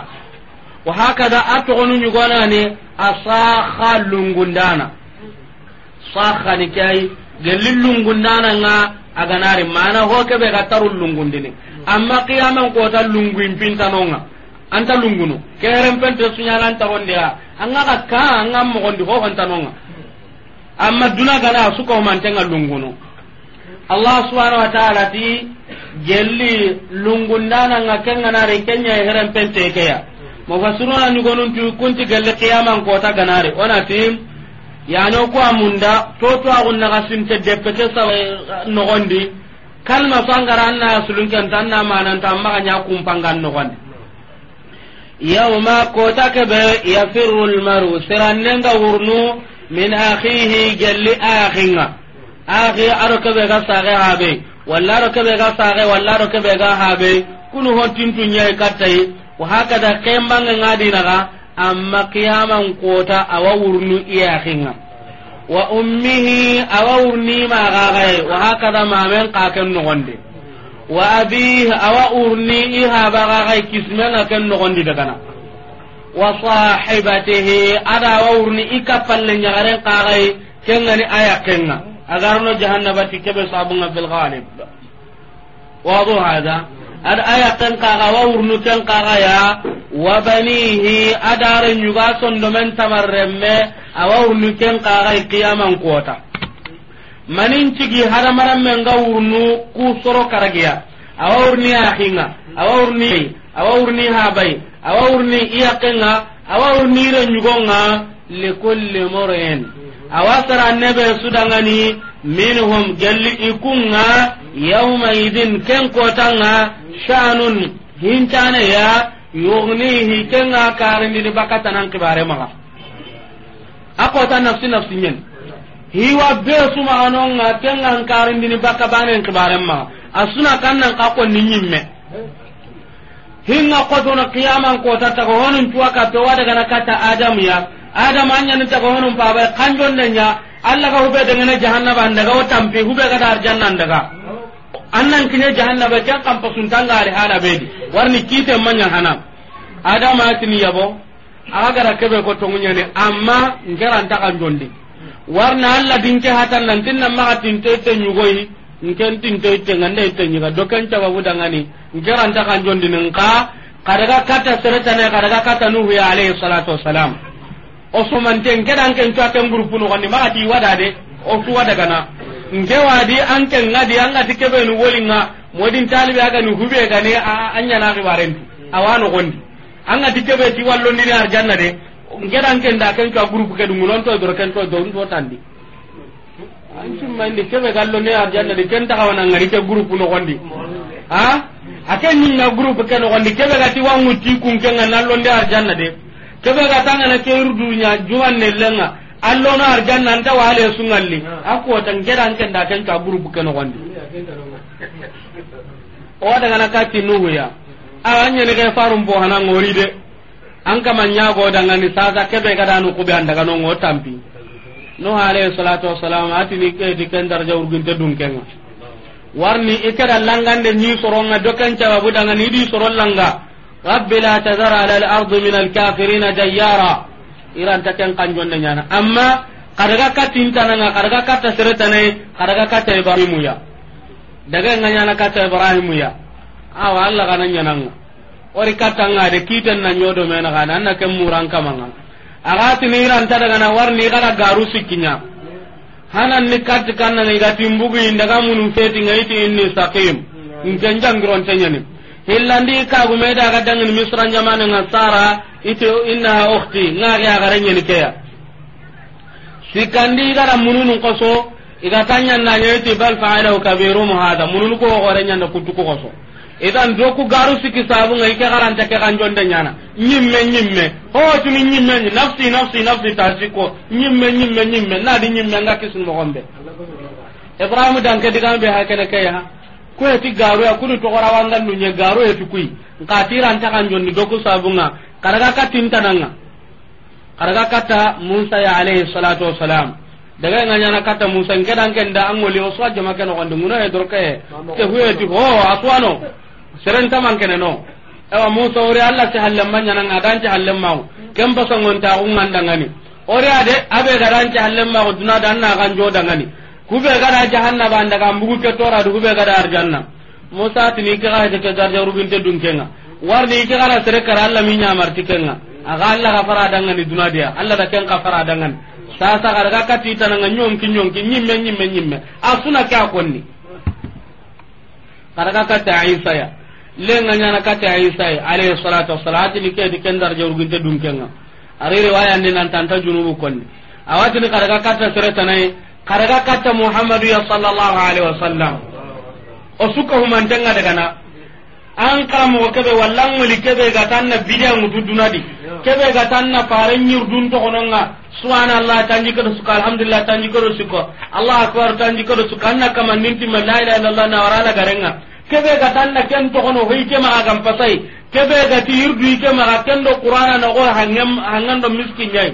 wa hakada a togonu ñugonani a saha lungundana sahani kai gelli lungundana nga aganari mana hokebe ga taru lungundini amma koota kota lunguimpintanonga anta lungunu keren pente suñana antagondiya anga ga ka anga mogondi hohontanonga amma duna gana sukohumantenga lungunu allah subhanahu wa ta'ala ti gelli lungundana nga kengana re kenya e heren pente e keya mufassiruna ni gonun tu kunti gelle qiyaman kota ganare onati yani ko amunda to to agun naga sinte deppe ke sa e, nogondi kalma sangara anna sulun kan tanna manan ta amma nya kumpangan nogondi yawma kota ke be yafirul maru sirannen ga wurnu min akhihi gelli akhinga axi aɗo keɓega saxe haɓe walla aɗo keɓega saxe walla aɗo keɓega haɓe kunu hontintuñayi kattayi wa hakada kembange ngadinaxa amma qiyaman kota awa iya iyaxinga wa ummihi ma awa wurnimaxaxaye wa hakada mamen qaken noxonde wa abih awa urni i haɓaxaxay kismenga ken noxondi dagana wa sahibatihi ada awa wurni i kappalle ñaxaren qaxaye kengani a yaqenga agarno jahannabati kebe sabunga bil ghalib wado hada ad aya kaga wa urnu kan kaga ya wa banihi adare nyuga sondo men tamarremme awa urnu kaga qiyaman kota manin cigi hadamaran men ga urnu ku soro karagiya awa urni awa urni awa urni habai awa urni iyakenga awa urni re nyugonga awasara nebe sudangani minhum gelli ikunga yawma idin ken kotanga shanun hintane ya yughnihi kenga karindini baka nan kibare maga akota nafsi nafsi nyen hiwa be suma anonga kenga karindini baka banen kibare maga asuna kannan kako ninyimme hinga kotono qiyaman kota tako honin tuwa kato to wadaga na kata Adamu ya adam anya nta ko honum pa kanjon nya alla ka hube dengan jahannam anda o tampi hube ga dar janna anda ga annan kinya jahannam ka kam suntanga tanga ari hala be warni kite manya hana adam atini yabo agara kebe ko to ngunyane amma ngara nta kanjon di warna alla dinke hatan nan tinna ma hatin te nyugoi nken tin te te ngande tete nyiga dokan wabu dangani ngara nta kanjon di nka kadaga kata seretane kadaga kata nuhu ya alayhi salatu wassalam o somanten kedan ken cuwa groupe no gonni maati wada de o suwa daga na nge wadi an ken ngadi an gati kebe woli nga modin talibi aga ni hubbe ga ne anya na a awano gondi an gati kebe ti wallo ni ar janna de nke dan ken da ken cuwa groupe ke dungu non to do ken to do ndo tandi an summa indi kebe gallo ne ar janna de ken ta kawana ngari ke groupe no gondi ha aken ni na groupe ke no gondi kebe gati wangu ti kun ken na lo ar janna de kebe ga tangana ke dunya juwan ne lenga allo no arjanna nda wale sungalli akko tan gedan ken da ken ka buru ken wandi o daga na kati nuhu ya awanya ne ga farum bo hana ngori de an kama nyago daga ni sasa kebe ga danu kubi andaga no ngotampi no alayhi salatu wassalam ni ke diken darja urginte dunkenga warni ikeda langande ni soronga dokan cawa budanga ni di soron langa رب لا تذر على الأرض من الكافرين ديارا إيران تكن قنجون نيانا أما قرغا katin قرغا قرغا daga nganya na kata ibrahimu ya awa Allah kana nyananga ori kiten na nyodo mena kana anna kem murang kamanga agati ni ran na warni kada garu sikinya hanan ni kat kanna ni gatimbugu indaga munum feti inni hillandi kagume daga dangin misra jamane nga sara ito innaha ukhti ngari agare nyeni keya sikandi gara mununun koso igatanya na nyeti bal fa'alahu kabirum hada munun ko gore nyanda kutuko koso idan doku garu siki sabu ngai ke garanta ke jonde de nyana nyimme nyimme ho ni nyimme nafsi nafsi nafsi ta tasiko nyimme nyimme nyimme na di nyimme ngaki sun mo gombe ibrahim dan ke digambe hakene keya ko eti garuya kuni togora wangan nu nye garu eti kui nka tiran ta kan jonni doku sabunga karaga katin tananga karaga kata Musa ya alayhi salatu wassalam daga nga nyana kata Musa ngedan kenda angoli o swa jama keno on dunguna e dorke te huye ti ho aswano seren taman ken no ewa Musa ore Allah se hallamma nyana ngadan ti hallamma kem basangon ta ungandangani ore ade abe gadan ti hallamma duna dan na kan jo dangani. kube gada jahanna ban daga mbugu ke tora du kube gada arjanna musa tini ke ga ke garja rubinte dunkenga warni ke gada sere kara alla mi nyamar kenga aga alla ga fara dangan ni dunadiya alla da ken ga fara dangan sa gara ga kati tananga nyom ki nyom ki nyimme nyimme nyimme asuna ka konni karaga kata isa ya lenga nyana kata isa ya alayhi salatu wassalam ni ke di ken darja rubinte dunkenga ari riwaya ni nan tanta junubu konni awati ni karaga kata sere tanai karaga katta muhammadu ya sallallahu alaihi wasallam o suka humantanga daga na an karamogo kebe walla ngoli kebe ga tanna bidia ngutu dunadi kebe ga tanna pare nyir dun to subhanallah tanji suka alhamdulillah tanji allah akbar tanji suka anna kama ninti ma la ilaha illallah na warala garenga kebe ga tanna ken to kono agam kebe ga ti qur'ana na go hangam miskin nyai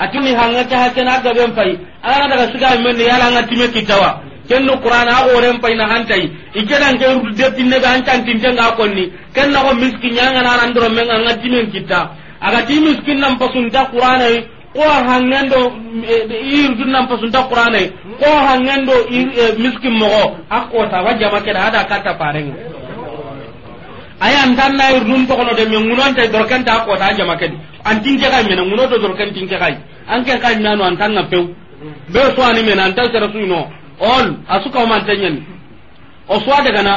atimi hanga hake na ga ben fai ala daga siga men ne yala na time kitawa ken no qur'an a oren fai na hantai dan ke rudu de tinne ga hantan tinje ga konni ken na ko miskin nyanga na ran doro men nga time kita aga timi miskin nan pasun qur'an ai ko hangendo e, e, ir dun nan pasun qur'an ai ko hangendo e, miskin mo akko ta wajama ke da ada kata parenga an tan na ir dun ko no de men ngunon tay dorkan ta ko ta jama ke an tinje kay men ngunon to dorkan tinje kay anke ka nyano na pew be so ani men anta tara eh, suino all asuka man tanyen o so daga na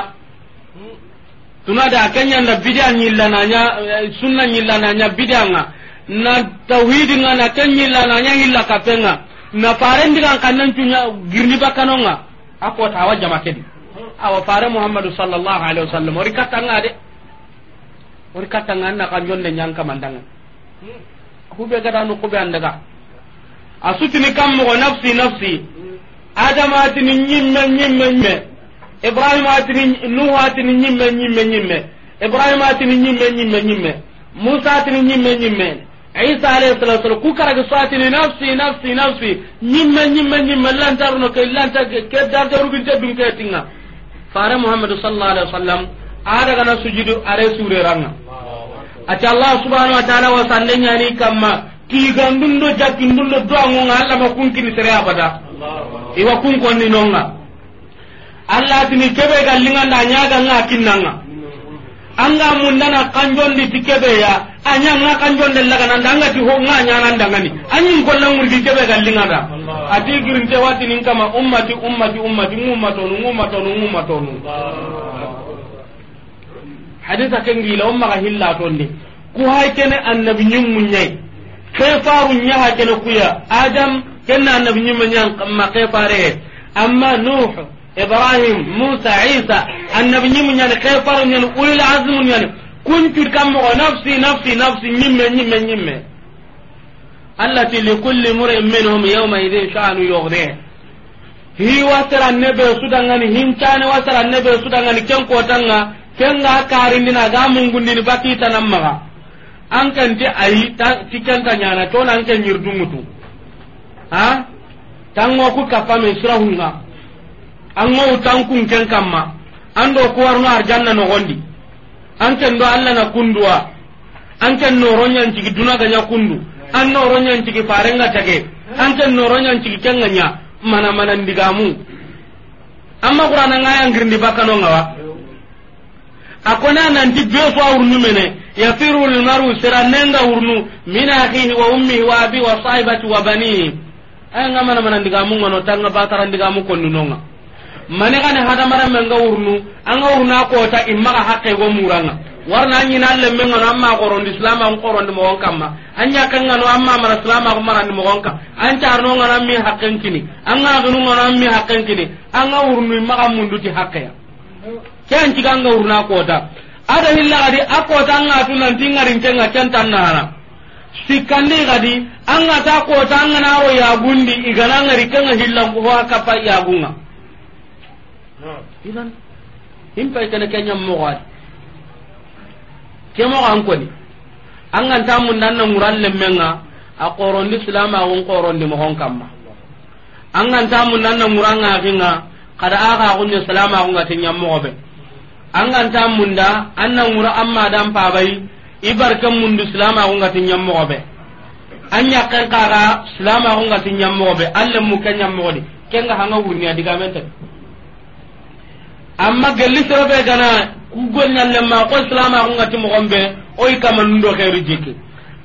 tuna da kanya da bidia ni lananya sunna ni lananya bidia nga na tauhid nga na kanya lananya illa hilla kapenga na faren kan kannan tunya girni bakanonga ako tawa jama kedi awa fare muhammadu sallallahu alaihi wasallam ori katanga de ori katanga na kan jonne nyanka mandanga hube gada no kube andaga asutini kammogo nafsi nafsi adama atini ñimme ñimme ñimme ibrahima atini nuhu atini ñimme ñimme ñimme ibrahima atini ñimme ñimme ñimme musa atini ñimme ñimme isa alayhi salatu wasalam ku karagi so atini nafsi nafsi nafsi ñimme ñimme ñimme lantaruno ke lanta ke darjaruginte dum ke tinga fare muhammadu sallallahu alaihi wasallam adagana sujudu are sureranga ati allah subhanahu wa taala wasande ñani kamma tigandun do jakindun do do angon Allah ma kun kini sere abada iwa kun ko ni nonga Allah tini kebe gallinga na nyaga nga kinnanga anga mundana di tikebe ya anya nga de laga nan danga ti ho nga nya nan danga ni anyin kolla murgi kebe gallinga da ati te wati ni kama ummati ummati ummati ummato nu ummato nu ummato nu hadisa kengi la umma ga hilla tonni ku hay kene annabi nyum munyai kefaru nyaha kene kuya adam kenna annabi nyimma nyan kamma kefare amma nuh ibrahim musa isa annabi nyimma nyan kefaru nyan ulil azm nyan kuntu kammo oh, nafsi nafsi nafsi nyimme nyimme nyimme allati likulli mur'in minhum yawma idhin hi wasara nebe sudangani wasara nebe sudangani karindina ga mungundini bakita an kan ti ayi ti ken ta nyana to nan ken nyir dungutu ha tango ku kappa men sirahunga an ngo tankun ken kamma ando ko warno arjanna no gondi an ken do alla na kundua an ken no ronyan cigi duna ganya kundu an no ronyan cigi farenga tage an ken no ronyan cigi kenganya mana mana ndigamu amma qur'ana ngaya ngirndi bakano ngawa akona nanti be so awurnu mene yafiru almaru siranenga urnu min akhihi wa ummihi wa abi wa sahibati wa banihi ay ngamana mana ndiga mun ngono tanga batara ndiga mun konnu nonga mane kana hada mara menga urnu anga urna ko ta imma hakke go muranga warna anyi na alle men ngono amma ko rondi islam an ko rondi mo kamma anya kan ngano amma mara islam ko mara ni mo an tar no ngana mi kini anga gnu ngana mi hakken kini anga urnu imma mundu ti hakke ya kan ci ada hilla gadi akota anga tu nanti ngarin cenga centan nahara sikandi gadi anga ta kota anga o ya gundi igana ngari kenga hillan ko kapa ya gunga idan impa kana kenya mogad kemo an ko ni anga ta mun nan na muran lemenga a qorondi islama gon qorondi mo gon kamma anga ta mun nan na muranga ginga kada aga gonne islama gon ga tenya mogobe angan ta munda annan wura amma dan pabai ibarkan mundu islama ko ngati nyammo be anya kan kaga islama ko ngati nyammo be alle mu kan nyammo di kenga hanga wurni adiga menta amma gelli sorobe gana ku gonya ma ko islama ko ngati mo gombe oy kamanundo khairu jike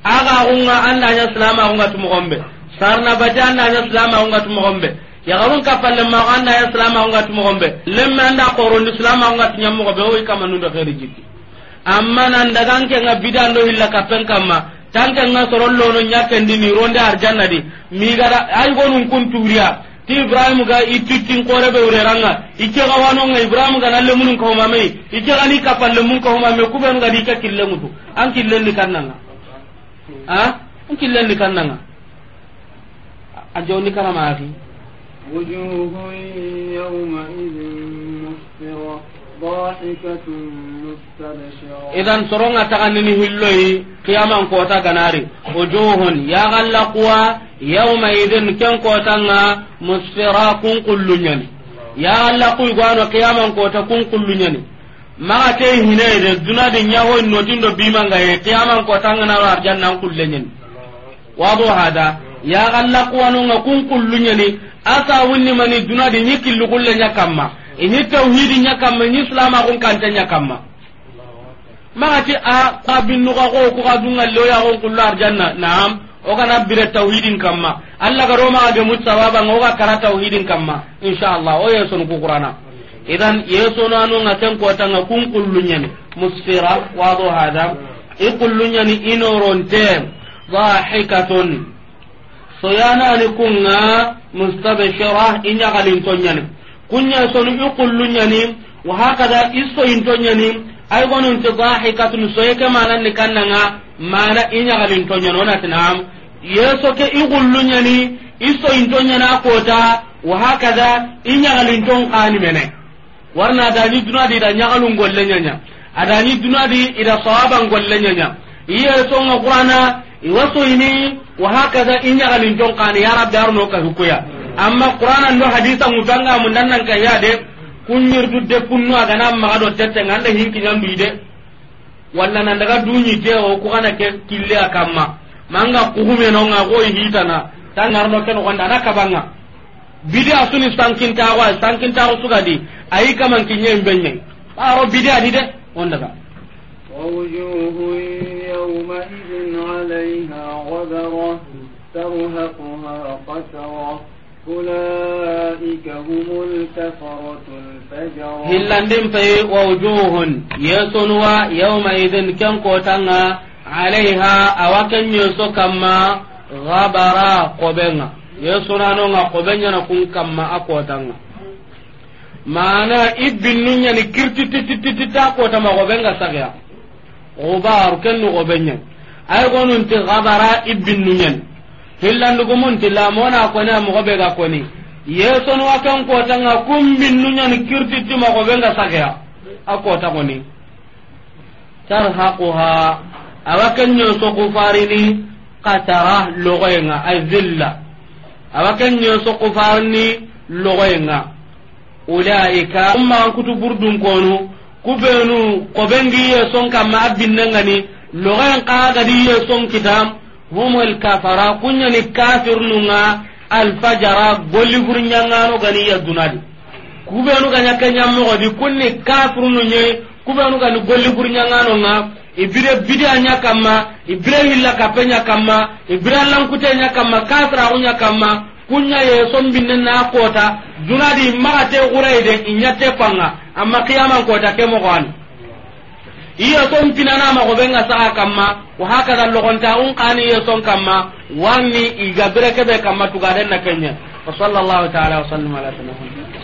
aga ko nga anda nya islama ko ngati mo gombe sarna bata anda nya islama ko ngati mo gombe yagarun kapalle mago anda ya silamago ngati mogonɓe lemme anda korondi silamago ngati ñammogoɓe oyi kamanundo heri jikki amma nan dagankenga bidando hilla kappen kamma tankenga sorollono ñakkendini ronde arjanna di migada ay gonun kun turiya ti ibrahim ga itittin korebe ranga. ike ga wanonga ibrahim ga nalle munun ko mame ike ga ni kapalle mun ko mame kuben ga di ka kille mutu an kille ni kannanga ha an kille ni kannanga a jawni karama afi وجوه يومئذ مسفرة ضاحكة مستبشرة إذا سرنا تغنني هلوي قياما قوتا كناري وجوه يا غلقوا يومئذ كن قوتا مسفرة كن كل ya alla kuy gwano qiyaman kota kun kullunyani maga te hinede dunadi nyaho notindo bimangaye qiyaman kota ngana arjannan kullenyani wado hada ya alla kuwano nga kun kullunyani asa wunni mani dunadi ni killu kulle nya kamma ini tauhidi nya kamma ni islam akun kanta nya kamma magati a kabin nuga ko ko kadunga loya ko kullu arjanna na'am o kana bire tauhidin kamma allah garo ma ga mut sawaba ngoga kara tauhidin kamma insha allah o yeso ku qur'ana idan yeso no anu ngaten ko tanga kun kullu nyani musfira wado hada ikullu nyani inoronte dhahikatun soyanani kunga galin iñagalintoñani kunya ni i nyani wa hakada i soyintoñani ay gonunti dahikatun soye ke ni kannanga mana i ona tinam yeso ke i nyani i soyintoñani a kota wa hakada i ton qani mene warna adani di da ñagalun golle nya adani di ida sawaban golle nya iyeso nga qur'ana iwasoyni wa hakaza iñaganin tonkani ya rabbi arno ka hukuya amma qur'ana ndo hadisa mutanga mun nan nan kaya de kunyirdu de kunnu aga nan ma do tette nganda hinki bi de walla nan daga dunyi te o ko kana ke kille akamma manga kuhume no nga go na tan arno ken gonda na banga bidi asuni sankin ta wa sankin ta suka di ayi kaman kinye mbenye aro bidi adi de on daga عليها غبرة ترهقها قسرة أولئك هم الكفرة الفجرة هلان في ووجوه يسنوا يومئذ كم قوتنا عليها أوكن يسو كما غبرا قبنا يسنانو قبنا نكون كما أقوتنا maana ibbinnuñani kirtititititakota ma xobenga ay gonun ti gabara ibin nunyen hillandugumun ti lamona koni a mogoɓe ga koni yesonu a ken kotanga kumbin nunyen kirtitti mogoɓe ga sageya a kota koni tarhaquha awa ken ñosoku farini katara logoyenga a zilla awa ken ñosoku farini logoyenga ulaika umma kutu burdun konu kubenu kobengi yeson kamma a binnengani logan kagadi ye son kitam humul kafara kunyani kafir nunga alfajara golli furnyangano gani ya dunadi kubenu ganya kenyamogodi kunni kafir nunye kubenu gani golli furnyangano nga ibire bidia nya kama ibire hilla kapenya kama ibire lankute nya kama kasra nya kama kunya ye sombinne na kota dunadi magate guraide inyate panga amma kiyama kota kemo gani iya ton pinana ma go benga sa kamma wa hakada logon ta un qani iya ton kamma wanni iga breke be kamma tugaren na kenya wa sallallahu ta'ala wa sallama ala sayyidina